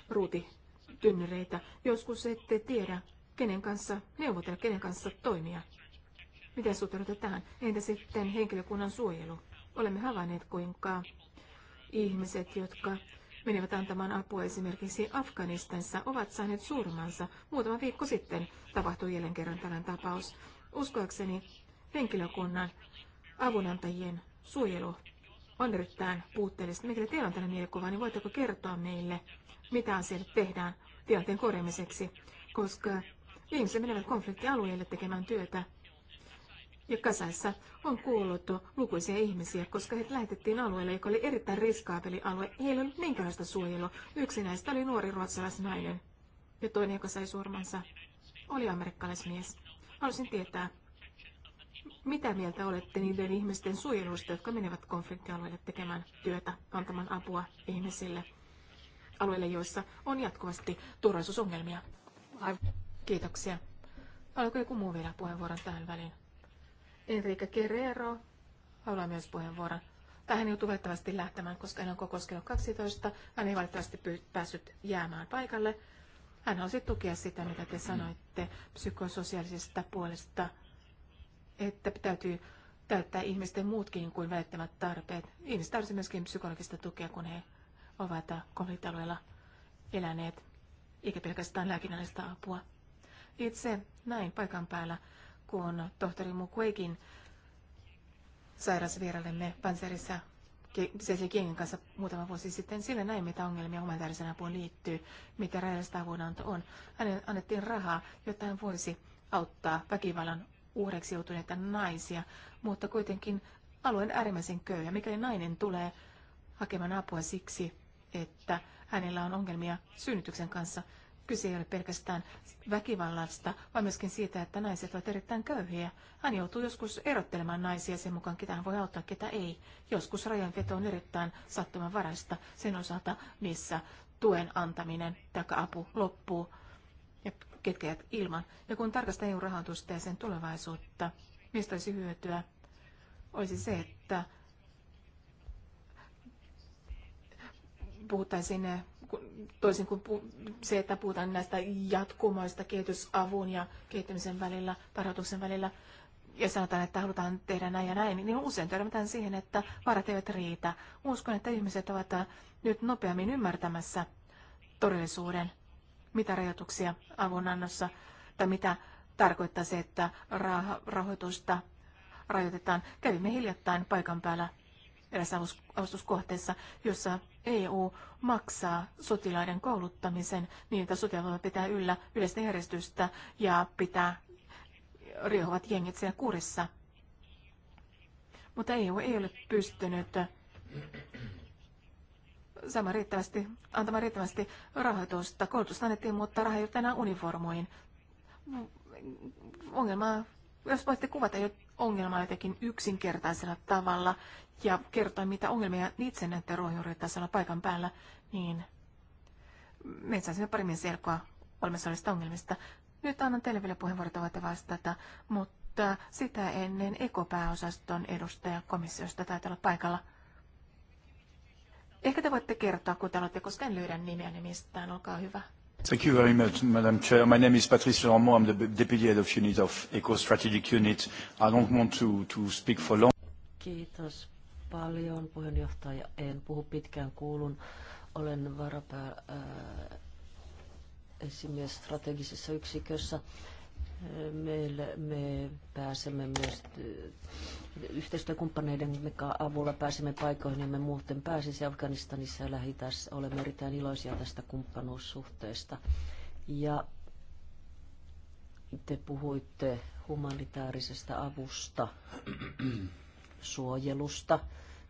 ruutitynnyreitä. Joskus ette tiedä, kenen kanssa neuvotella, kenen kanssa toimia. Miten suhtaudutte tähän? Entä sitten henkilökunnan suojelu? Olemme havainneet, kuinka ihmiset, jotka menivät antamaan apua esimerkiksi Afganistanissa, ovat saaneet surmansa. Muutama viikko sitten tapahtui jälleen kerran tällainen tapaus. Uskoakseni henkilökunnan avunantajien suojelu on erittäin puutteellista. Mikäli teillä on tällainen mielikuva, niin voitteko kertoa meille, mitä asioita tehdään tilanteen korjaamiseksi, koska ihmiset menevät konfliktialueille tekemään työtä ja Kasaissa on kuullut lukuisia ihmisiä, koska heidät lähetettiin alueelle, joka oli erittäin riskaapeli alue. Heillä ei ollut minkäänlaista suojelua. Yksi näistä oli nuori ruotsalaisnainen ja toinen, joka sai surmansa, oli amerikkalaismies. Haluaisin tietää, mitä mieltä olette niiden ihmisten suojelusta, jotka menevät konfliktialueelle tekemään työtä, antamaan apua ihmisille alueille, joissa on jatkuvasti turvallisuusongelmia? Kiitoksia. Haluatko joku muu vielä puheenvuoron tähän väliin? Enrique Guerrero haluaa myös puheenvuoron. Tähän hän joutuu valitettavasti lähtemään, koska hän on koko 12. Hän ei valitettavasti päässyt jäämään paikalle. Hän halusi tukea sitä, mitä te sanoitte psykososiaalisesta puolesta, että täytyy täyttää ihmisten muutkin kuin välttämät tarpeet. Ihmiset tarvitsevat myöskin psykologista tukea, kun he ovat konfliktialueella eläneet, eikä pelkästään lääkinnällistä apua. Itse näin paikan päällä kuin tohtori Mukwegin sairasvierallemme Panserissa Sesi Kingin kanssa muutama vuosi sitten. Sillä näin, mitä ongelmia humanitaarisen apuun liittyy, mitä rajallista avunanto on. Hänelle annettiin rahaa, jotta hän voisi auttaa väkivallan uhreiksi joutuneita naisia, mutta kuitenkin alueen äärimmäisen köyhä. Mikäli nainen tulee hakemaan apua siksi, että hänellä on ongelmia synnytyksen kanssa, Kyse ei ole pelkästään väkivallasta, vaan myöskin siitä, että naiset ovat erittäin köyhiä. Hän joutuu joskus erottelemaan naisia sen mukaan, ketä hän voi auttaa, ketä ei. Joskus rajanveto on erittäin sattumanvaraista sen osalta, missä tuen antaminen tai apu loppuu ja ketkä jäät ilman. Ja kun tarkastaa EU-rahoitusta ja sen tulevaisuutta, mistä olisi hyötyä, olisi se, että puhuttaisiin toisin kuin se, että puhutaan näistä jatkumoista kehitysavun ja kehittämisen välillä, tarjotuksen välillä, ja sanotaan, että halutaan tehdä näin ja näin, niin usein törmätään siihen, että varat eivät riitä. Uskon, että ihmiset ovat nyt nopeammin ymmärtämässä todellisuuden, mitä rajoituksia avunannossa tai mitä tarkoittaa se, että rahoitusta rajoitetaan. Kävimme hiljattain paikan päällä erässä avustuskohteessa, jossa EU maksaa sotilaiden kouluttamisen niin, että sotilaat pitää yllä yleistä järjestystä ja pitää riehovat jengit siellä kurissa. Mutta EU ei ole pystynyt saamaan riittävästi, antamaan riittävästi rahoitusta. Koulutusta annettiin, mutta raha ei tänään uniformoin. Ongelmaa jos voitte kuvata jo ongelmaa jotenkin yksinkertaisella tavalla ja kertoa, mitä ongelmia itse näette ruohonjuuritasolla paikan päällä, niin me saisimme paremmin selkoa olemassa olevista ongelmista. Nyt annan teille vielä puheenvuorot, voitte vastata, mutta sitä ennen ekopääosaston edustaja komissiosta taitaa olla paikalla. Ehkä te voitte kertoa, kun te aloitte, koska en löydä nimeä nimistään. Olkaa hyvä. Thank you very much, Madam Chair. My name is Patrice Lenormand. I'm the Deputy Head of Unit of Eco Strategic Unit. I don't want to, speak for long. Kiitos paljon puheenjohtaja. En puhu pitkään kuulun. Olen varapää äh, esimies strategisessa yksikössä. Meillä, me pääsemme myös yhteistyökumppaneiden avulla pääsemme paikoihin, niin me muuten pääsisi Afganistanissa ja lähi Olemme erittäin iloisia tästä kumppanuussuhteesta. Ja te puhuitte humanitaarisesta avusta, suojelusta,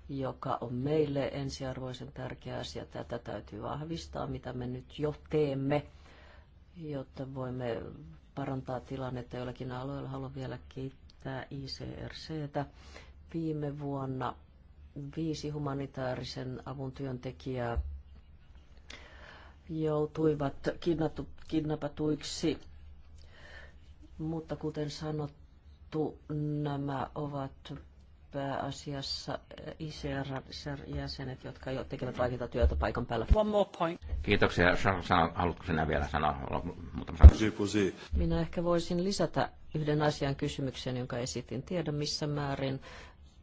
joka on meille ensiarvoisen tärkeä asia. Tätä täytyy vahvistaa, mitä me nyt jo teemme, jotta voimme parantaa tilannetta joillakin aloilla. Haluan vielä kiittää ICRCtä. Viime vuonna viisi humanitaarisen avun työntekijää joutuivat kidnattu, kidnappatuiksi, mutta kuten sanottu, nämä ovat pääasiassa ICR-jäsenet, jotka jo tekevät vaikeita työtä paikan päällä. One more point. Kiitoksia. haluatko sinä vielä sanoa muutama sana? Minä ehkä voisin lisätä yhden asian kysymyksen, jonka esitin. Tiedän missä määrin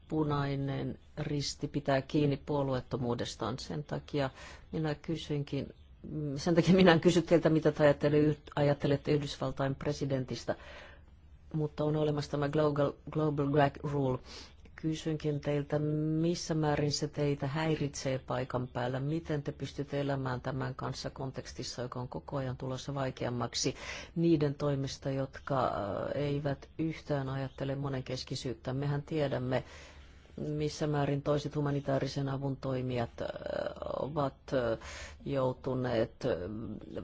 punainen risti pitää kiinni puolueettomuudestaan. Sen takia minä kysynkin, sen takia minä kysy teiltä, mitä te ajattelette Yhdysvaltain presidentistä. Mutta on olemassa tämä Global, Global Black Rule, Kysynkin teiltä, missä määrin se teitä häiritsee paikan päällä? Miten te pystytte elämään tämän kanssa kontekstissa, joka on koko ajan tulossa vaikeammaksi niiden toimista, jotka äh, eivät yhtään ajattele monenkeskisyyttä? Mehän tiedämme, missä määrin toiset humanitaarisen avun toimijat äh, ovat äh, joutuneet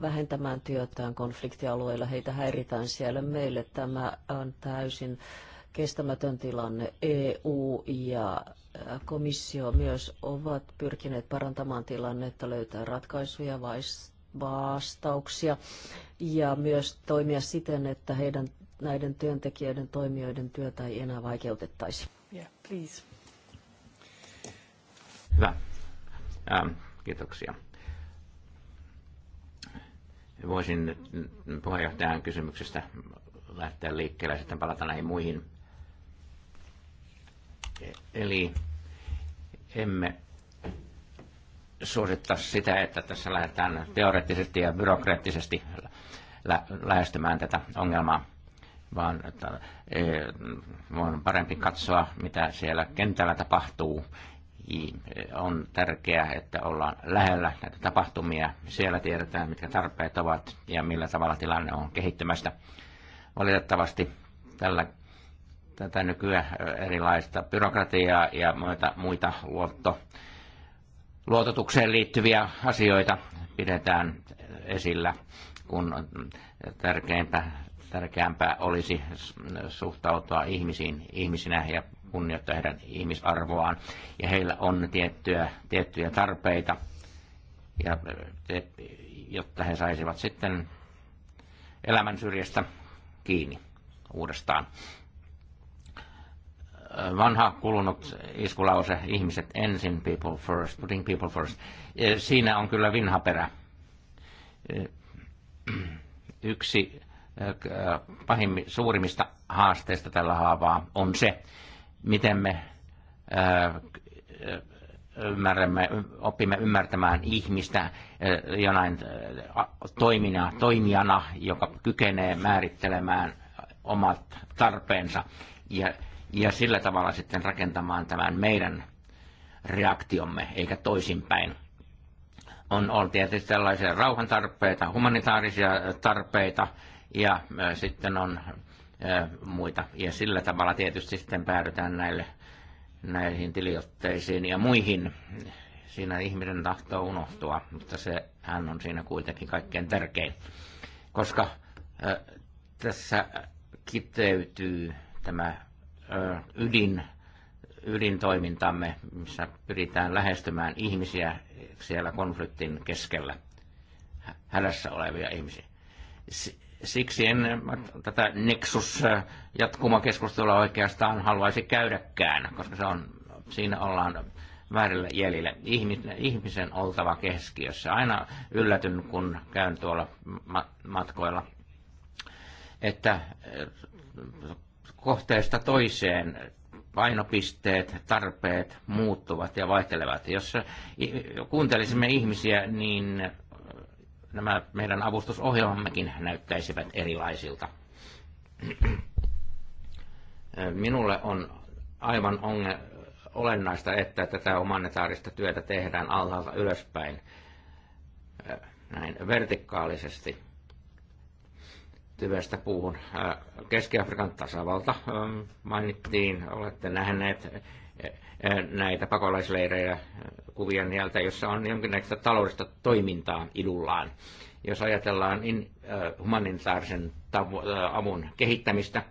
vähentämään työtään konfliktialueilla. Heitä häiritään siellä. Meille tämä on täysin kestämätön tilanne. EU ja komissio myös ovat pyrkineet parantamaan tilannetta, löytää ratkaisuja, vastauksia ja myös toimia siten, että heidän näiden työntekijöiden, toimijoiden työtä ei enää vaikeutettaisi. Yeah, please. Hyvä. Ähm, kiitoksia. Voisin puheenjohtajan kysymyksestä lähteä liikkeelle ja sitten palata näihin muihin Eli emme suosittaa sitä, että tässä lähdetään teoreettisesti ja byrokraattisesti lä- lähestymään tätä ongelmaa, vaan että, e, on parempi katsoa, mitä siellä kentällä tapahtuu. On tärkeää, että ollaan lähellä näitä tapahtumia. Siellä tiedetään, mitkä tarpeet ovat ja millä tavalla tilanne on kehittymästä. Valitettavasti tällä tätä nykyä erilaista byrokratiaa ja muita, muita luotto, luototukseen liittyviä asioita pidetään esillä, kun tärkeämpää tärkeämpää olisi suhtautua ihmisiin ihmisinä ja kunnioittaa heidän ihmisarvoaan. Ja heillä on tiettyjä, tiettyjä tarpeita, ja, e, jotta he saisivat sitten elämän syrjästä kiinni uudestaan vanha kulunut iskulause, ihmiset ensin, people first, putting people first. Siinä on kyllä vinhaperä. Yksi äh, pahimmi, suurimmista haasteista tällä haavaa on se, miten me äh, ymmärrämme, oppimme ymmärtämään ihmistä äh, jonain toimina, toimijana, joka kykenee määrittelemään omat tarpeensa ja ja sillä tavalla sitten rakentamaan tämän meidän reaktiomme, eikä toisinpäin. On, on tietysti tällaisia rauhantarpeita, humanitaarisia tarpeita ja sitten on muita. Ja sillä tavalla tietysti sitten päädytään näille, näihin tiliotteisiin ja muihin. Siinä ihminen tahtoo unohtua, mutta se hän on siinä kuitenkin kaikkein tärkein. Koska äh, tässä kiteytyy tämä ydin, ydintoimintamme, missä pyritään lähestymään ihmisiä siellä konfliktin keskellä, hädässä olevia ihmisiä. Siksi en tätä Nexus-jatkumakeskustelua oikeastaan haluaisi käydäkään, koska se on, siinä ollaan väärille jäljille. Ihmisen oltava keskiössä. Aina yllätyn, kun käyn tuolla matkoilla, että kohteesta toiseen painopisteet, tarpeet muuttuvat ja vaihtelevat. Jos kuuntelisimme ihmisiä, niin nämä meidän avustusohjelmammekin näyttäisivät erilaisilta. Minulle on aivan onge- olennaista, että tätä humanitaarista työtä tehdään alhaalta ylöspäin näin vertikaalisesti – tyvestä puuhun. Äh, Keski-Afrikan tasavalta ähm, mainittiin, olette nähneet äh, äh, näitä pakolaisleirejä kuvien jältä, jossa on jonkinlaista taloudellista toimintaa idullaan. Jos ajatellaan humanitaarisen avun kehittämistä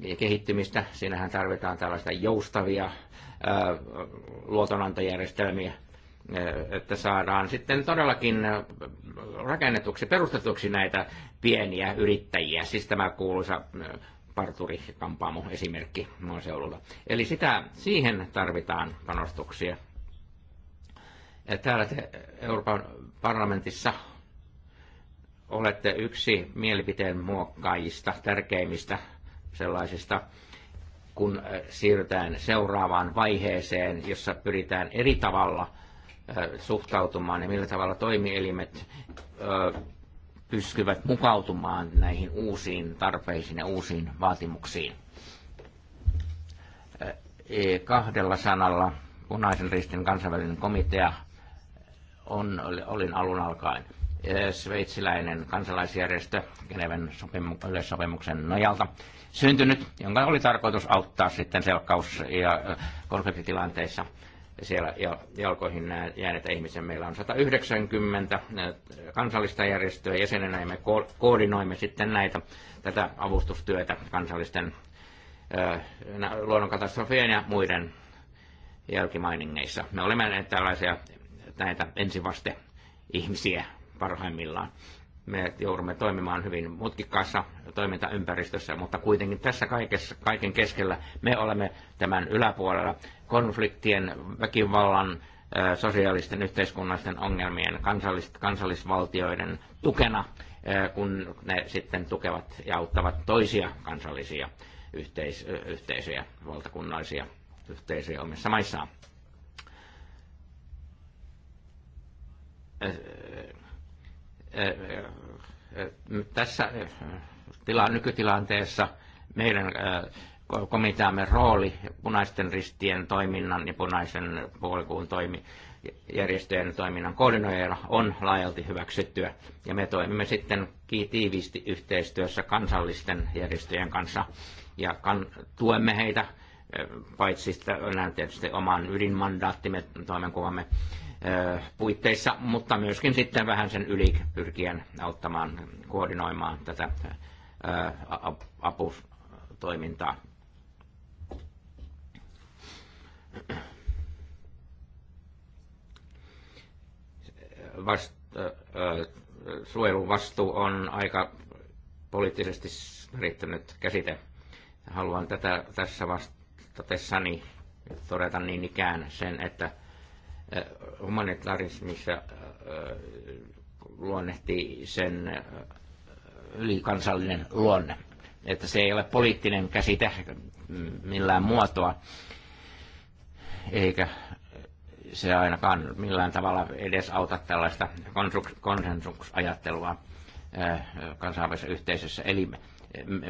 ja kehittymistä, siinähän tarvitaan tällaista joustavia luotonantojärjestelmiä, Eh, että saadaan sitten todellakin eh, rakennetuksi, perustetuksi näitä pieniä yrittäjiä, siis tämä kuuluisa eh, parturi-kampaamo esimerkki maaseudulla. Eli sitä, siihen tarvitaan panostuksia. Ja täällä te Euroopan parlamentissa olette yksi mielipiteen muokkaajista, tärkeimmistä sellaisista, kun siirrytään seuraavaan vaiheeseen, jossa pyritään eri tavalla – Äh, suhtautumaan ja millä tavalla toimielimet äh, pystyvät mukautumaan näihin uusiin tarpeisiin ja uusiin vaatimuksiin. Äh, e kahdella sanalla punaisen ristin kansainvälinen komitea on, olin alun alkaen sveitsiläinen kansalaisjärjestö Geneven sopimu- yleissopimuksen nojalta syntynyt, jonka oli tarkoitus auttaa sitten selkkaus- ja konfliktitilanteissa – siellä jalkoihin jääneitä ihmisiä. Meillä on 190 kansallista järjestöä jäsenenä ja me koordinoimme sitten näitä, tätä avustustyötä kansallisten luonnonkatastrofien ja muiden jälkimainingeissa. Me olemme tällaisia näitä ensivaste ihmisiä parhaimmillaan. Me joudumme toimimaan hyvin mutkikkaassa toimintaympäristössä, mutta kuitenkin tässä kaikessa, kaiken keskellä me olemme tämän yläpuolella konfliktien, väkivallan, sosiaalisten yhteiskunnallisten ongelmien, kansallis, kansallisvaltioiden tukena, kun ne sitten tukevat ja auttavat toisia kansallisia yhteis- yhteisöjä, valtakunnallisia yhteisöjä omissa maissaan. Tässä tila, nykytilanteessa meidän komiteamme rooli punaisten ristien toiminnan ja punaisen puolikuun toimi, järjestöjen toiminnan koordinoijana on laajalti hyväksyttyä. Ja me toimimme sitten tiiviisti yhteistyössä kansallisten järjestöjen kanssa ja kan, tuemme heitä paitsi sitä, tietysti oman ydinmandaattimme toimenkuvamme puitteissa, mutta myöskin sitten vähän sen yli pyrkien auttamaan, koordinoimaan tätä aputoimintaa vasta, äh, suojeluvastuu on aika poliittisesti riittänyt käsite. Haluan tätä tässä vastatessani todeta niin ikään sen, että humanitarismissa luonnehti sen ylikansallinen luonne. Että se ei ole poliittinen käsite millään muotoa, eikä se ainakaan millään tavalla edes auta tällaista konsensusajattelua eh, kansainvälisessä yhteisössä. Eli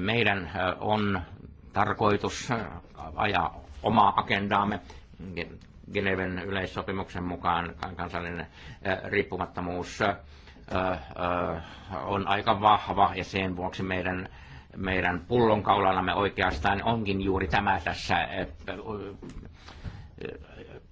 meidän eh, on tarkoitus eh, ajaa omaa agendaamme Geneven yleissopimuksen mukaan kansallinen riippumattomuus on aika vahva ja sen vuoksi meidän meidän pullonkaulanamme oikeastaan onkin juuri tämä tässä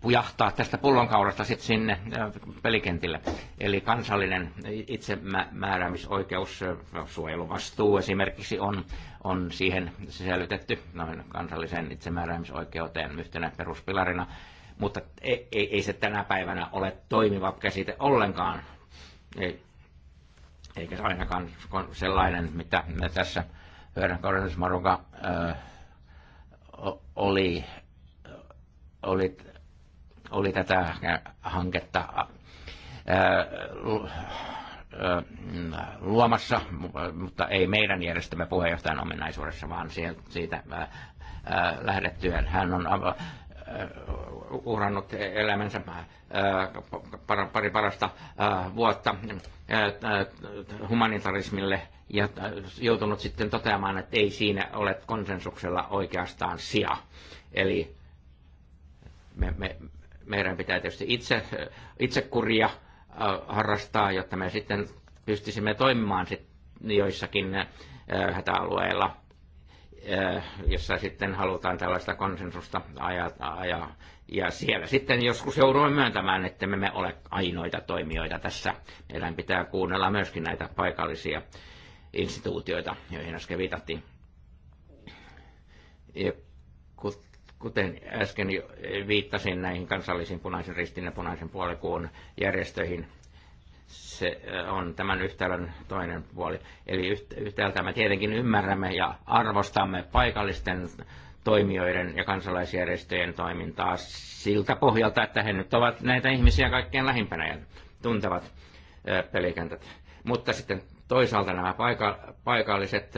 pujahtaa tästä pullonkaulasta sitten sinne äh, pelikentille. Eli kansallinen itsemääräämisoikeus, äh, suojeluvastuu esimerkiksi on, on siihen sisällytetty noin kansalliseen itsemääräämisoikeuteen yhtenä peruspilarina, mutta ei, ei, ei se tänä päivänä ole toimiva käsite ollenkaan. Ei, eikä se ainakaan sellainen, mitä tässä Hyödyn Maruka äh, oli oli, oli tätä äh, hanketta äh, äh, luomassa, mutta ei meidän järjestämme puheenjohtajan ominaisuudessa, vaan siitä lähdettyen. Hän on uhrannut elämänsä pari parasta vuotta humanitarismille ja joutunut sitten toteamaan, että ei siinä ole konsensuksella oikeastaan sija. Eli me, me, meidän pitää tietysti itse, itsekuria harrastaa, jotta me sitten pystyisimme toimimaan sit joissakin hätäalueilla, jossa sitten halutaan tällaista konsensusta ajaa, Aja. Ja siellä sitten joskus joudumme myöntämään, että me ole ainoita toimijoita tässä. Meidän pitää kuunnella myöskin näitä paikallisia instituutioita, joihin äsken viitattiin. Ja kuten äsken jo eh, viittasin näihin kansallisiin punaisen ristin ja punaisen puolikuun järjestöihin, se eh, on tämän yhtälön toinen puoli. Eli yhtäältä me tietenkin ymmärrämme ja arvostamme paikallisten toimijoiden ja kansalaisjärjestöjen toimintaa siltä pohjalta, että he nyt ovat näitä ihmisiä kaikkein lähimpänä ja tuntevat eh, pelikentät. Mutta sitten toisaalta nämä paikalliset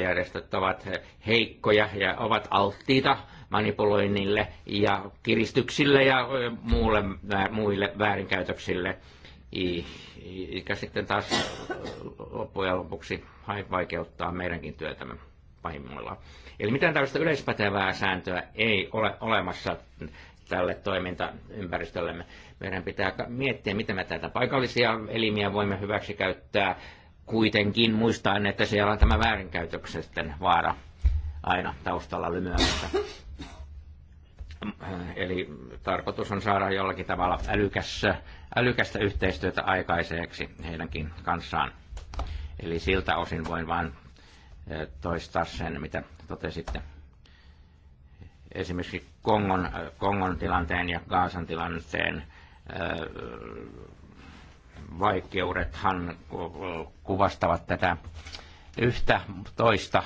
järjestöt ovat heikkoja ja ovat alttiita manipuloinnille ja kiristyksille ja muille, muille väärinkäytöksille, ja sitten taas loppujen lopuksi vaikeuttaa meidänkin työtämme pahimmillaan. Eli mitään tällaista yleispätevää sääntöä ei ole olemassa tälle toimintaympäristöllemme. Meidän pitää miettiä, miten me tätä paikallisia elimiä voimme hyväksi käyttää, kuitenkin muistaen, että siellä on tämä väärinkäytöksen vaara aina taustalla lymyämässä. Eli tarkoitus on saada jollakin tavalla älykässä, älykästä yhteistyötä aikaiseksi heidänkin kanssaan. Eli siltä osin voin vain eh, toistaa sen, mitä totesitte. Esimerkiksi Kongon, eh, Kongon tilanteen ja Gaasan tilanteen eh, vaikeudethan kuvastavat tätä yhtä toista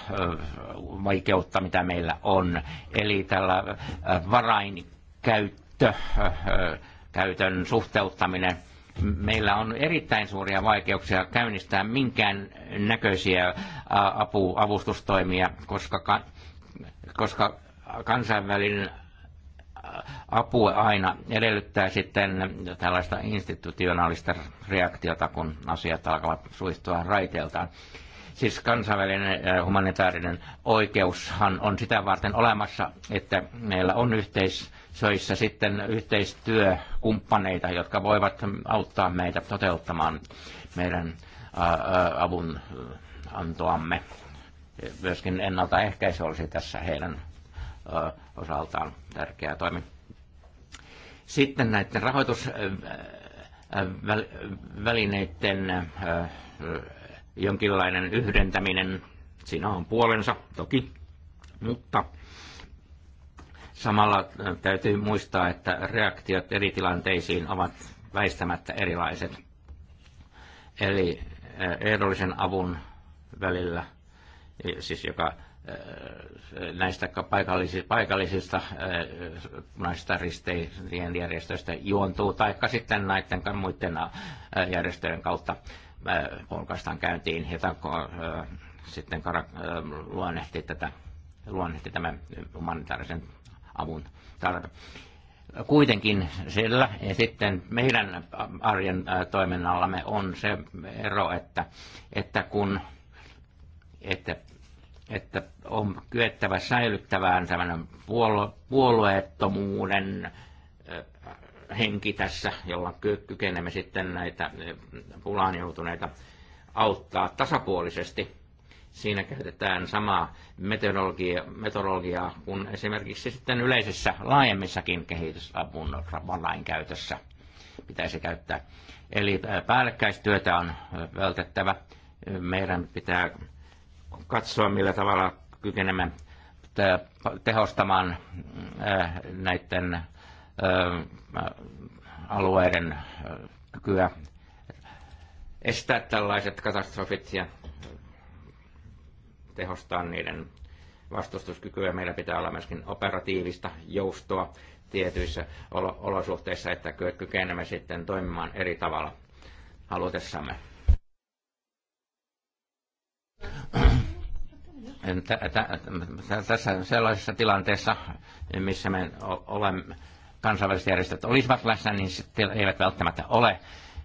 vaikeutta, mitä meillä on. Eli tällä varainkäyttö, käytön suhteuttaminen – meillä on erittäin suuria vaikeuksia käynnistää minkään näköisiä apu, avustustoimia, koska, koska kansainvälinen apu aina edellyttää sitten tällaista institutionaalista reaktiota, kun asiat alkavat suistua raiteiltaan. Siis kansainvälinen äh, humanitaarinen oikeushan on sitä varten olemassa, että meillä on yhteisöissä sitten yhteistyökumppaneita, jotka voivat auttaa meitä toteuttamaan meidän äh, äh, avun antoamme. Myöskin ennaltaehkäisy olisi tässä heidän osaltaan tärkeä toimi. Sitten näiden rahoitusvälineiden jonkinlainen yhdentäminen. Siinä on puolensa toki, mutta samalla täytyy muistaa, että reaktiot eri tilanteisiin ovat väistämättä erilaiset. Eli ehdollisen avun välillä, e, siis joka näistä paikallisista, paikallisista näistä risteilien järjestöistä juontuu, taikka sitten näiden muiden järjestöjen kautta polkaistaan äh, käyntiin, jota äh, sitten äh, luonnehti, tätä, luonnehti tämän humanitaarisen avun tarve. Kuitenkin sillä ja sitten meidän arjen toiminnallamme on se ero, että, että kun että, että on kyettävä säilyttävään puolueettomuuden henki tässä, jolla kykenemme sitten näitä e, pulaan joutuneita auttaa tasapuolisesti. Siinä käytetään samaa metodologia, metodologiaa kuin esimerkiksi sitten yleisessä laajemmissakin kehitysavun käytössä pitäisi käyttää. Eli päällekkäistyötä on vältettävä. Meidän pitää katsoa, millä tavalla kykenemme tehostamaan näiden alueiden kykyä estää tällaiset katastrofit ja tehostaa niiden vastustuskykyä. Meillä pitää olla myöskin operatiivista joustoa tietyissä olosuhteissa, että kykenemme sitten toimimaan eri tavalla halutessamme. Tässä sellaisessa tilanteessa, missä me olemme, kansainväliset järjestöt olisivat läsnä, niin sitten eivät välttämättä ole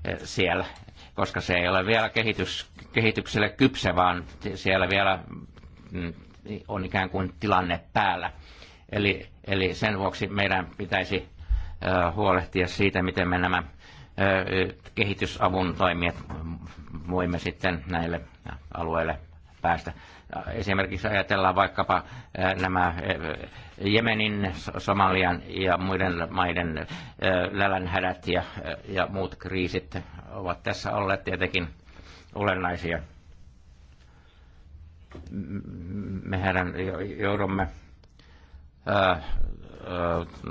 eh, siellä, koska se ei ole vielä kehitys, kehitykselle kypse, vaan siellä vielä mm, on ikään kuin tilanne päällä. Eli, eli sen vuoksi meidän pitäisi eh, huolehtia siitä, miten me nämä eh, kehitysavun toimijat voimme sitten näille alueille päästä. Esimerkiksi ajatellaan vaikkapa eh, nämä eh, Jemenin, Somalian ja muiden maiden lälänhädät eh, ja, ja muut kriisit ovat tässä olleet tietenkin olennaisia. Mehän joudumme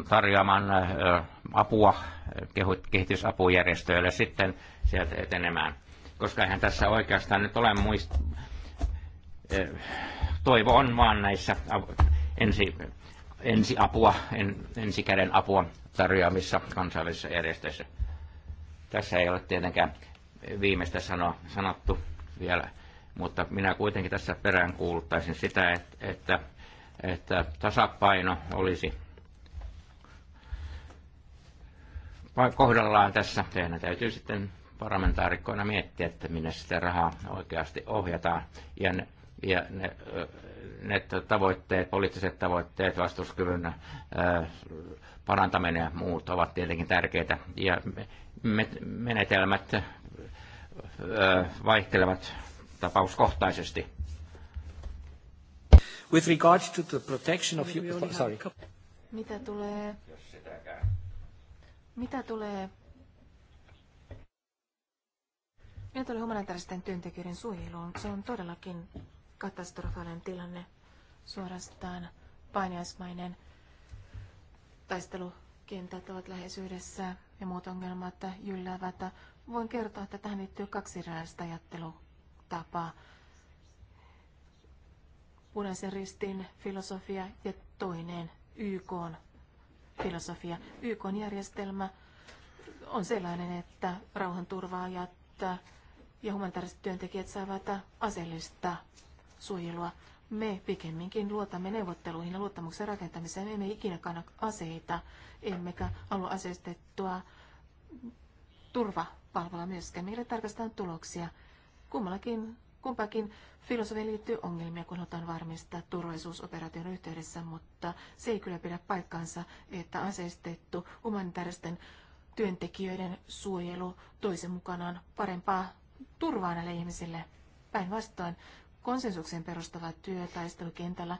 tarjoamaan apua kehitysapujärjestöille sitten sieltä etenemään. Koska eihän tässä oikeastaan nyt ole muist, toivo on vaan näissä ensi, apua en, ensikäden apua tarjoamissa kansallisissa järjestöissä. Tässä ei ole tietenkään viimeistä sanoa, sanottu vielä, mutta minä kuitenkin tässä perään kuuluttaisin sitä, että, että, että tasapaino olisi kohdallaan tässä. Teidän täytyy sitten parlamentaarikkoina miettiä, että minne sitä rahaa oikeasti ohjataan. Ja ja ne, ne tavoitteet, poliittiset tavoitteet, vastuskyvyn parantaminen ja muut ovat tietenkin tärkeitä. Ja menetelmät vaihtelevat tapauskohtaisesti. With regard to the protection of you, sorry. Mitä tulee? Mitä tulee? Mitä tulee humanitaaristen työntekijöiden suojeluun? Se on todellakin katastrofaalinen tilanne, suorastaan painiaismainen taistelukentät ovat läheisyydessä ja muut ongelmat jylläävät. Voin kertoa, että tähän liittyy kaksi erilaista ajattelutapaa. Punaisen ristin filosofia ja toinen YK filosofia. YK järjestelmä on sellainen, että rauhanturvaajat ja humanitaariset työntekijät saavat aseellista suojelua. Me pikemminkin luotamme neuvotteluihin ja luottamuksen rakentamiseen. Me emme ikinä kanna aseita, emmekä halua aseistettua turvapalvelua myöskään. Meille tarkastetaan tuloksia. Kummallakin, kumpakin filosofiin liittyy ongelmia, kun otan varmistaa turvallisuusoperaation yhteydessä, mutta se ei kyllä pidä paikkaansa, että aseistettu humanitaaristen työntekijöiden suojelu toisen mukanaan parempaa turvaa näille ihmisille. Päinvastoin konsensuksen perustava työ taistelukentällä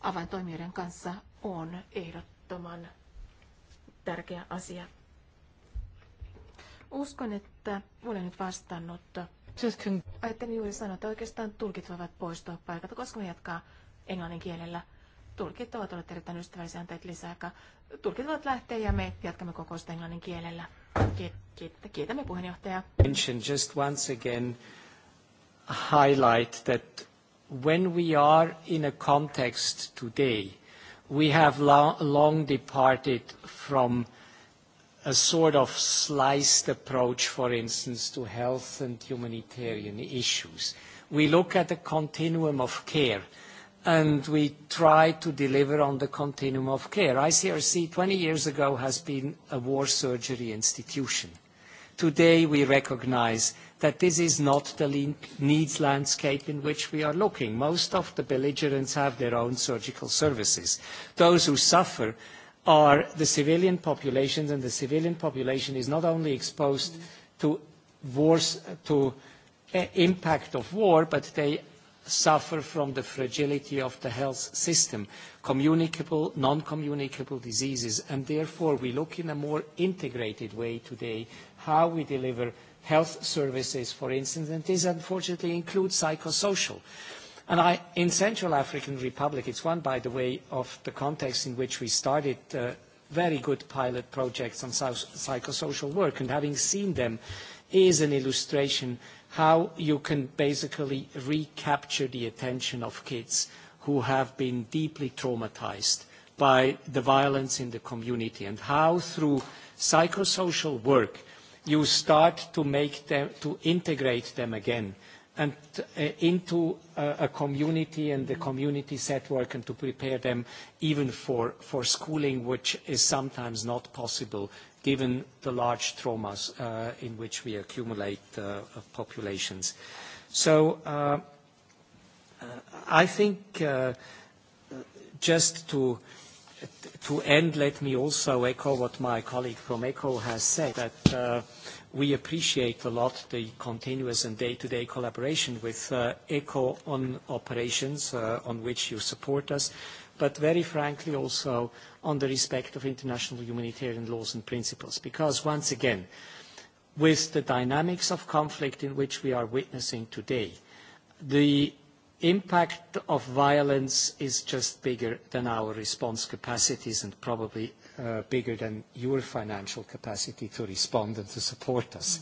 avaintoimijoiden kanssa on ehdottoman tärkeä asia. Uskon, että olen nyt vastannut. Ajattelin juuri sanoa, että oikeastaan tulkit voivat poistua paikalta, koska me jatkaa englannin kielellä. Tulkit ovat olleet erittäin ystävällisiä anteet lisää. Tulkit voivat lähteä ja me jatkamme kokousta englannin kielellä. Kiit- kiit- kiitämme puheenjohtajaa highlight that when we are in a context today, we have long departed from a sort of sliced approach, for instance, to health and humanitarian issues. We look at the continuum of care, and we try to deliver on the continuum of care. ICRC, 20 years ago, has been a war surgery institution. Today, we recognize that this is not the needs landscape in which we are looking. Most of the belligerents have their own surgical services. Those who suffer are the civilian populations, and the civilian population is not only exposed to wars, to eh, impact of war, but they suffer from the fragility of the health system, communicable, non-communicable diseases, and therefore we look in a more integrated way today how we deliver health services, for instance, and this unfortunately includes psychosocial. And I, in Central African Republic, it's one, by the way, of the context in which we started uh, very good pilot projects on psychosocial work, and having seen them is an illustration how you can basically recapture the attention of kids who have been deeply traumatized by the violence in the community, and how through psychosocial work you start to make them, to integrate them again and uh, into uh, a community and the community set work and to prepare them even for, for schooling, which is sometimes not possible given the large traumas uh, in which we accumulate uh, populations. So I think just to To end, let me also echo what my colleague from ECHO has said, that uh, we appreciate a lot the continuous and day-to-day collaboration with uh, ECHO on operations uh, on which you support us, but very frankly also on the respect of international humanitarian laws and principles. Because once again, with the dynamics of conflict in which we are witnessing today, the impact of violence is just bigger than our response capacities and probably uh, bigger than your financial capacity to respond and to support us.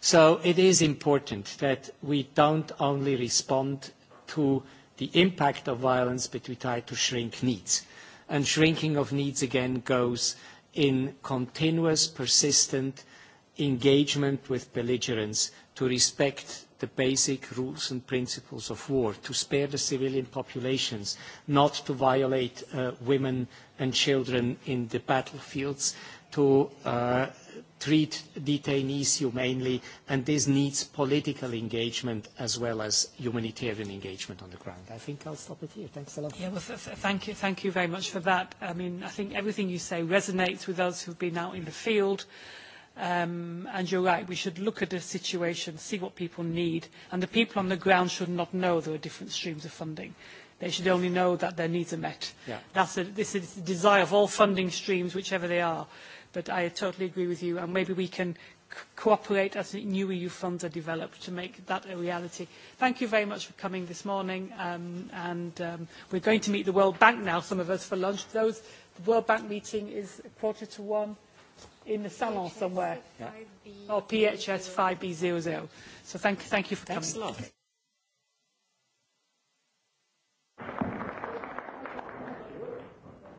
So it is important that we don't only respond to the impact of violence, but we try to shrink needs. And shrinking of needs again goes in continuous, persistent engagement with belligerents to respect the basic rules and principles of war, to spare the civilian populations, not to violate uh, women and children in the battlefields, to uh, treat detainees humanely, and this needs political engagement as well as humanitarian engagement on the ground. I think I'll stop it here. Thanks a lot. Yeah, well, thank you. Thank you very much for that. I mean, I think everything you say resonates with us who've been out in the field. Um, and you're right, we should look at the situation, see what people need, and the people on the ground should not know there are different streams of funding. They should only know that their needs are met. Yeah. That's a, this is the desire of all funding streams, whichever they are. But I totally agree with you, and maybe we can cooperate as new EU funds are developed to make that a reality. Thank you very much for coming this morning. Um, and um, we're going to meet the World Bank now, some of us, for lunch. Those, the World Bank meeting is quarter to one in the salon PHS somewhere. yeah. Or PHS 5B00. So thank, thank you for Thanks coming. Thanks a lot.